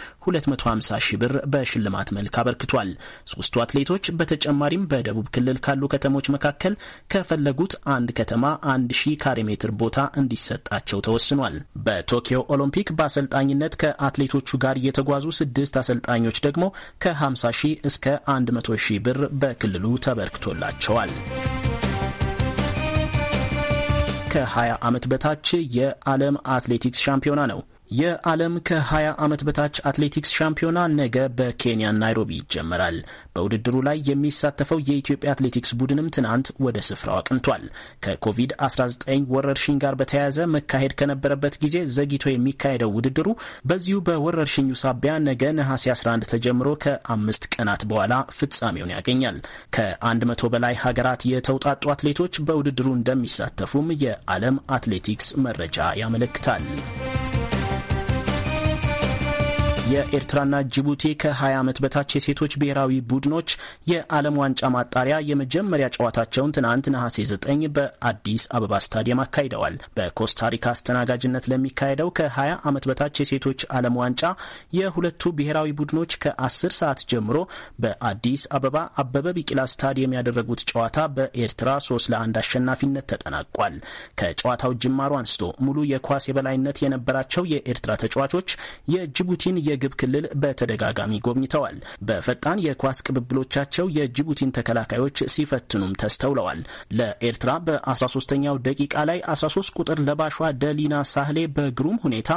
250 ሺህ ብር በሽልማት መልክ አበርክቷል። ሶስቱ አትሌቶች በተጨማሪም በደቡብ ክልል ካሉ ከተሞች መካከል ከፈለጉት አንድ ከተማ 1000 ካሬ ሜትር ቦታ እንዲሰጣቸው ተወስኗል። በቶኪዮ ኦሎምፒክ በአሰልጣኝነት ከአትሌቶቹ ጋር የተጓዙ ስድስት አሰልጣኞች ደግሞ ከ50 ሺህ እስከ 100 ሺህ ብር በክልሉ ተበርክቶላቸዋል። ከ20 ዓመት በታች የዓለም አትሌቲክስ ሻምፒዮና ነው። የዓለም ከ20 ዓመት በታች አትሌቲክስ ሻምፒዮና ነገ በኬንያ ናይሮቢ ይጀመራል። በውድድሩ ላይ የሚሳተፈው የኢትዮጵያ አትሌቲክስ ቡድንም ትናንት ወደ ስፍራው አቅንቷል። ከኮቪድ-19 ወረርሽኝ ጋር በተያያዘ መካሄድ ከነበረበት ጊዜ ዘግይቶ የሚካሄደው ውድድሩ በዚሁ በወረርሽኙ ሳቢያ ነገ ነሐሴ 11 ተጀምሮ ከአምስት ቀናት በኋላ ፍጻሜውን ያገኛል። ከ100 በላይ ሀገራት የተውጣጡ አትሌቶች በውድድሩ እንደሚሳተፉም የዓለም አትሌቲክስ መረጃ ያመለክታል። የኤርትራና ጅቡቲ ከ20 ዓመት በታች የሴቶች ብሔራዊ ቡድኖች የዓለም ዋንጫ ማጣሪያ የመጀመሪያ ጨዋታቸውን ትናንት ነሐሴ 9 በአዲስ አበባ ስታዲየም አካሂደዋል። በኮስታሪካ አስተናጋጅነት ለሚካሄደው ከ20 ዓመት በታች የሴቶች ዓለም ዋንጫ የሁለቱ ብሔራዊ ቡድኖች ከ10 ሰዓት ጀምሮ በአዲስ አበባ አበበ ቢቂላ ስታዲየም ያደረጉት ጨዋታ በኤርትራ 3 ለ1 አሸናፊነት ተጠናቋል። ከጨዋታው ጅማሩ አንስቶ ሙሉ የኳስ የበላይነት የነበራቸው የኤርትራ ተጫዋቾች የጅቡቲን የ የምግብ ክልል በተደጋጋሚ ጎብኝተዋል። በፈጣን የኳስ ቅብብሎቻቸው የጅቡቲን ተከላካዮች ሲፈትኑም ተስተውለዋል። ለኤርትራ በ13ኛው ደቂቃ ላይ 13 ቁጥር ለባሿ ደሊና ሳህሌ በግሩም ሁኔታ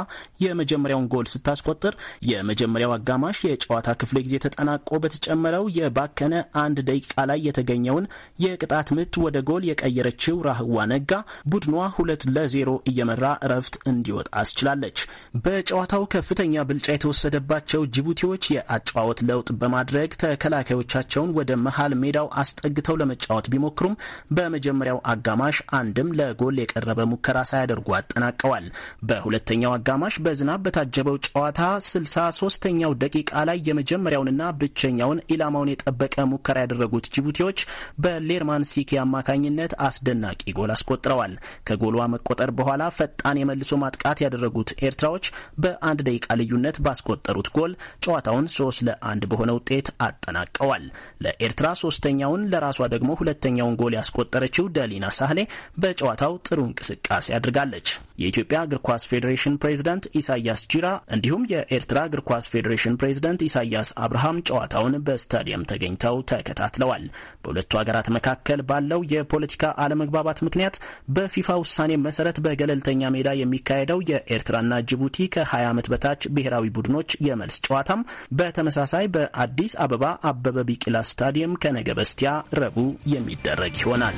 የመጀመሪያውን ጎል ስታስቆጥር የመጀመሪያው አጋማሽ የጨዋታ ክፍለ ጊዜ ተጠናቆ በተጨመረው የባከነ አንድ ደቂቃ ላይ የተገኘውን የቅጣት ምት ወደ ጎል የቀየረችው ራህዋ ነጋ ቡድኗ ሁለት ለዜሮ እየመራ እረፍት እንዲወጣ አስችላለች። በጨዋታው ከፍተኛ ብልጫ የተወሰ የተወሰደባቸው ጅቡቲዎች የአጨዋወት ለውጥ በማድረግ ተከላካዮቻቸውን ወደ መሀል ሜዳው አስጠግተው ለመጫወት ቢሞክሩም በመጀመሪያው አጋማሽ አንድም ለጎል የቀረበ ሙከራ ሳያደርጉ አጠናቀዋል። በሁለተኛው አጋማሽ በዝናብ በታጀበው ጨዋታ ስልሳ ሶስተኛው ደቂቃ ላይ የመጀመሪያውንና ብቸኛውን ኢላማውን የጠበቀ ሙከራ ያደረጉት ጅቡቲዎች በሌርማን ሲኪ አማካኝነት አስደናቂ ጎል አስቆጥረዋል። ከጎሏ መቆጠር በኋላ ፈጣን የመልሶ ማጥቃት ያደረጉት ኤርትራዎች በአንድ ደቂቃ ልዩነት ባስቆ ባስቆጠሩት ጎል ጨዋታውን ሶስት ለአንድ በሆነ ውጤት አጠናቀዋል። ለኤርትራ ሶስተኛውን ለራሷ ደግሞ ሁለተኛውን ጎል ያስቆጠረችው ደሊና ሳህሌ በጨዋታው ጥሩ እንቅስቃሴ አድርጋለች። የኢትዮጵያ እግር ኳስ ፌዴሬሽን ፕሬዝዳንት ኢሳያስ ጂራ እንዲሁም የኤርትራ እግር ኳስ ፌዴሬሽን ፕሬዝዳንት ኢሳያስ አብርሃም ጨዋታውን በስታዲየም ተገኝተው ተከታትለዋል። በሁለቱ ሀገራት መካከል ባለው የፖለቲካ አለመግባባት ምክንያት በፊፋ ውሳኔ መሰረት በገለልተኛ ሜዳ የሚካሄደው የኤርትራና ጅቡቲ ከ20 ዓመት በታች ብሔራዊ ቡድኖች የመልስ ጨዋታም በተመሳሳይ በአዲስ አበባ አበበ ቢቂላ ስታዲየም ከነገ በስቲያ ረቡዕ የሚደረግ ይሆናል።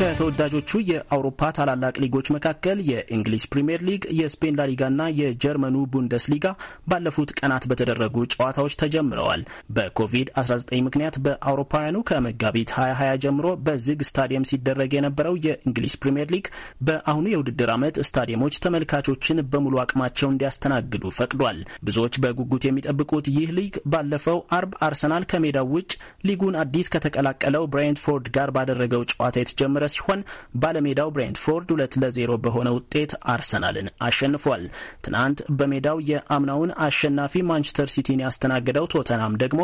ከተወዳጆቹ የአውሮፓ ታላላቅ ሊጎች መካከል የእንግሊዝ ፕሪምየር ሊግ፣ የስፔን ላሊጋና የጀርመኑ ቡንደስሊጋ ባለፉት ቀናት በተደረጉ ጨዋታዎች ተጀምረዋል። በኮቪድ-19 ምክንያት በአውሮፓውያኑ ከመጋቢት 2020 ጀምሮ በዝግ ስታዲየም ሲደረግ የነበረው የእንግሊዝ ፕሪምየር ሊግ በአሁኑ የውድድር ዓመት ስታዲየሞች ተመልካቾችን በሙሉ አቅማቸው እንዲያስተናግዱ ፈቅዷል። ብዙዎች በጉጉት የሚጠብቁት ይህ ሊግ ባለፈው አርብ አርሰናል ከሜዳው ውጭ ሊጉን አዲስ ከተቀላቀለው ብሬንትፎርድ ጋር ባደረገው ጨዋታ የተጀመረ ሲሆን ባለሜዳው ብሬንትፎርድ ሁለት ለዜሮ በሆነ ውጤት አርሰናልን አሸንፏል። ትናንት በሜዳው የአምናውን አሸናፊ ማንቸስተር ሲቲን ያስተናገደው ቶተናም ደግሞ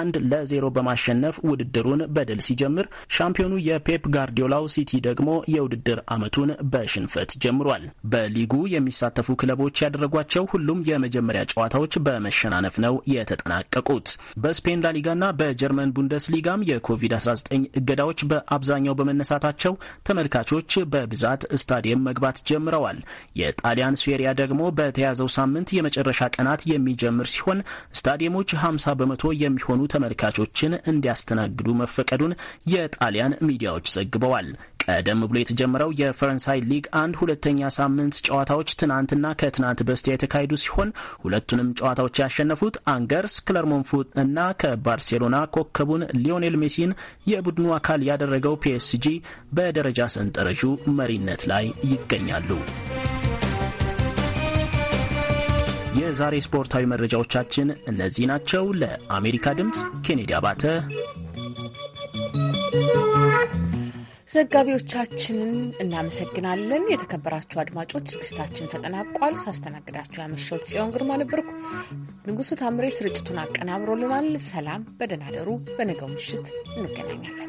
አንድ ለዜሮ በማሸነፍ ውድድሩን በድል ሲጀምር፣ ሻምፒዮኑ የፔፕ ጋርዲዮላው ሲቲ ደግሞ የውድድር ዓመቱን በሽንፈት ጀምሯል። በሊጉ የሚሳተፉ ክለቦች ያደረጓቸው ሁሉም የመጀመሪያ ጨዋታዎች በመሸናነፍ ነው የተጠናቀቁት። በስፔን ላሊጋና በጀርመን ቡንደስሊጋም የኮቪድ-19 እገዳዎች በአብዛኛው በመነሳታቸው በመሆናቸው ተመልካቾች በብዛት ስታዲየም መግባት ጀምረዋል። የጣሊያን ሴሪያ ደግሞ በተያዘው ሳምንት የመጨረሻ ቀናት የሚጀምር ሲሆን ስታዲየሞች 50 በመቶ የሚሆኑ ተመልካቾችን እንዲያስተናግዱ መፈቀዱን የጣሊያን ሚዲያዎች ዘግበዋል። ቀደም ብሎ የተጀመረው የፈረንሳይ ሊግ አንድ ሁለተኛ ሳምንት ጨዋታዎች ትናንትና ከትናንት በስቲያ የተካሄዱ ሲሆን ሁለቱንም ጨዋታዎች ያሸነፉት አንገርስ ክለርሞንፉት እና ከባርሴሎና ኮከቡን ሊዮኔል ሜሲን የቡድኑ አካል ያደረገው ፒኤስጂ በደረጃ ሰንጠረዡ መሪነት ላይ ይገኛሉ። የዛሬ ስፖርታዊ መረጃዎቻችን እነዚህ ናቸው። ለአሜሪካ ድምፅ ኬኔዲ አባተ ዘጋቢዎቻችንን እናመሰግናለን። የተከበራችሁ አድማጮች ዝግጅታችን ተጠናቋል። ሳስተናግዳችሁ ያመሸሁት ጽዮን ግርማ ነበርኩ። ንጉሱ ታምሬ ስርጭቱን አቀናብሮልናል። ሰላም፣ በደህና ደሩ። በነገው ምሽት እንገናኛለን።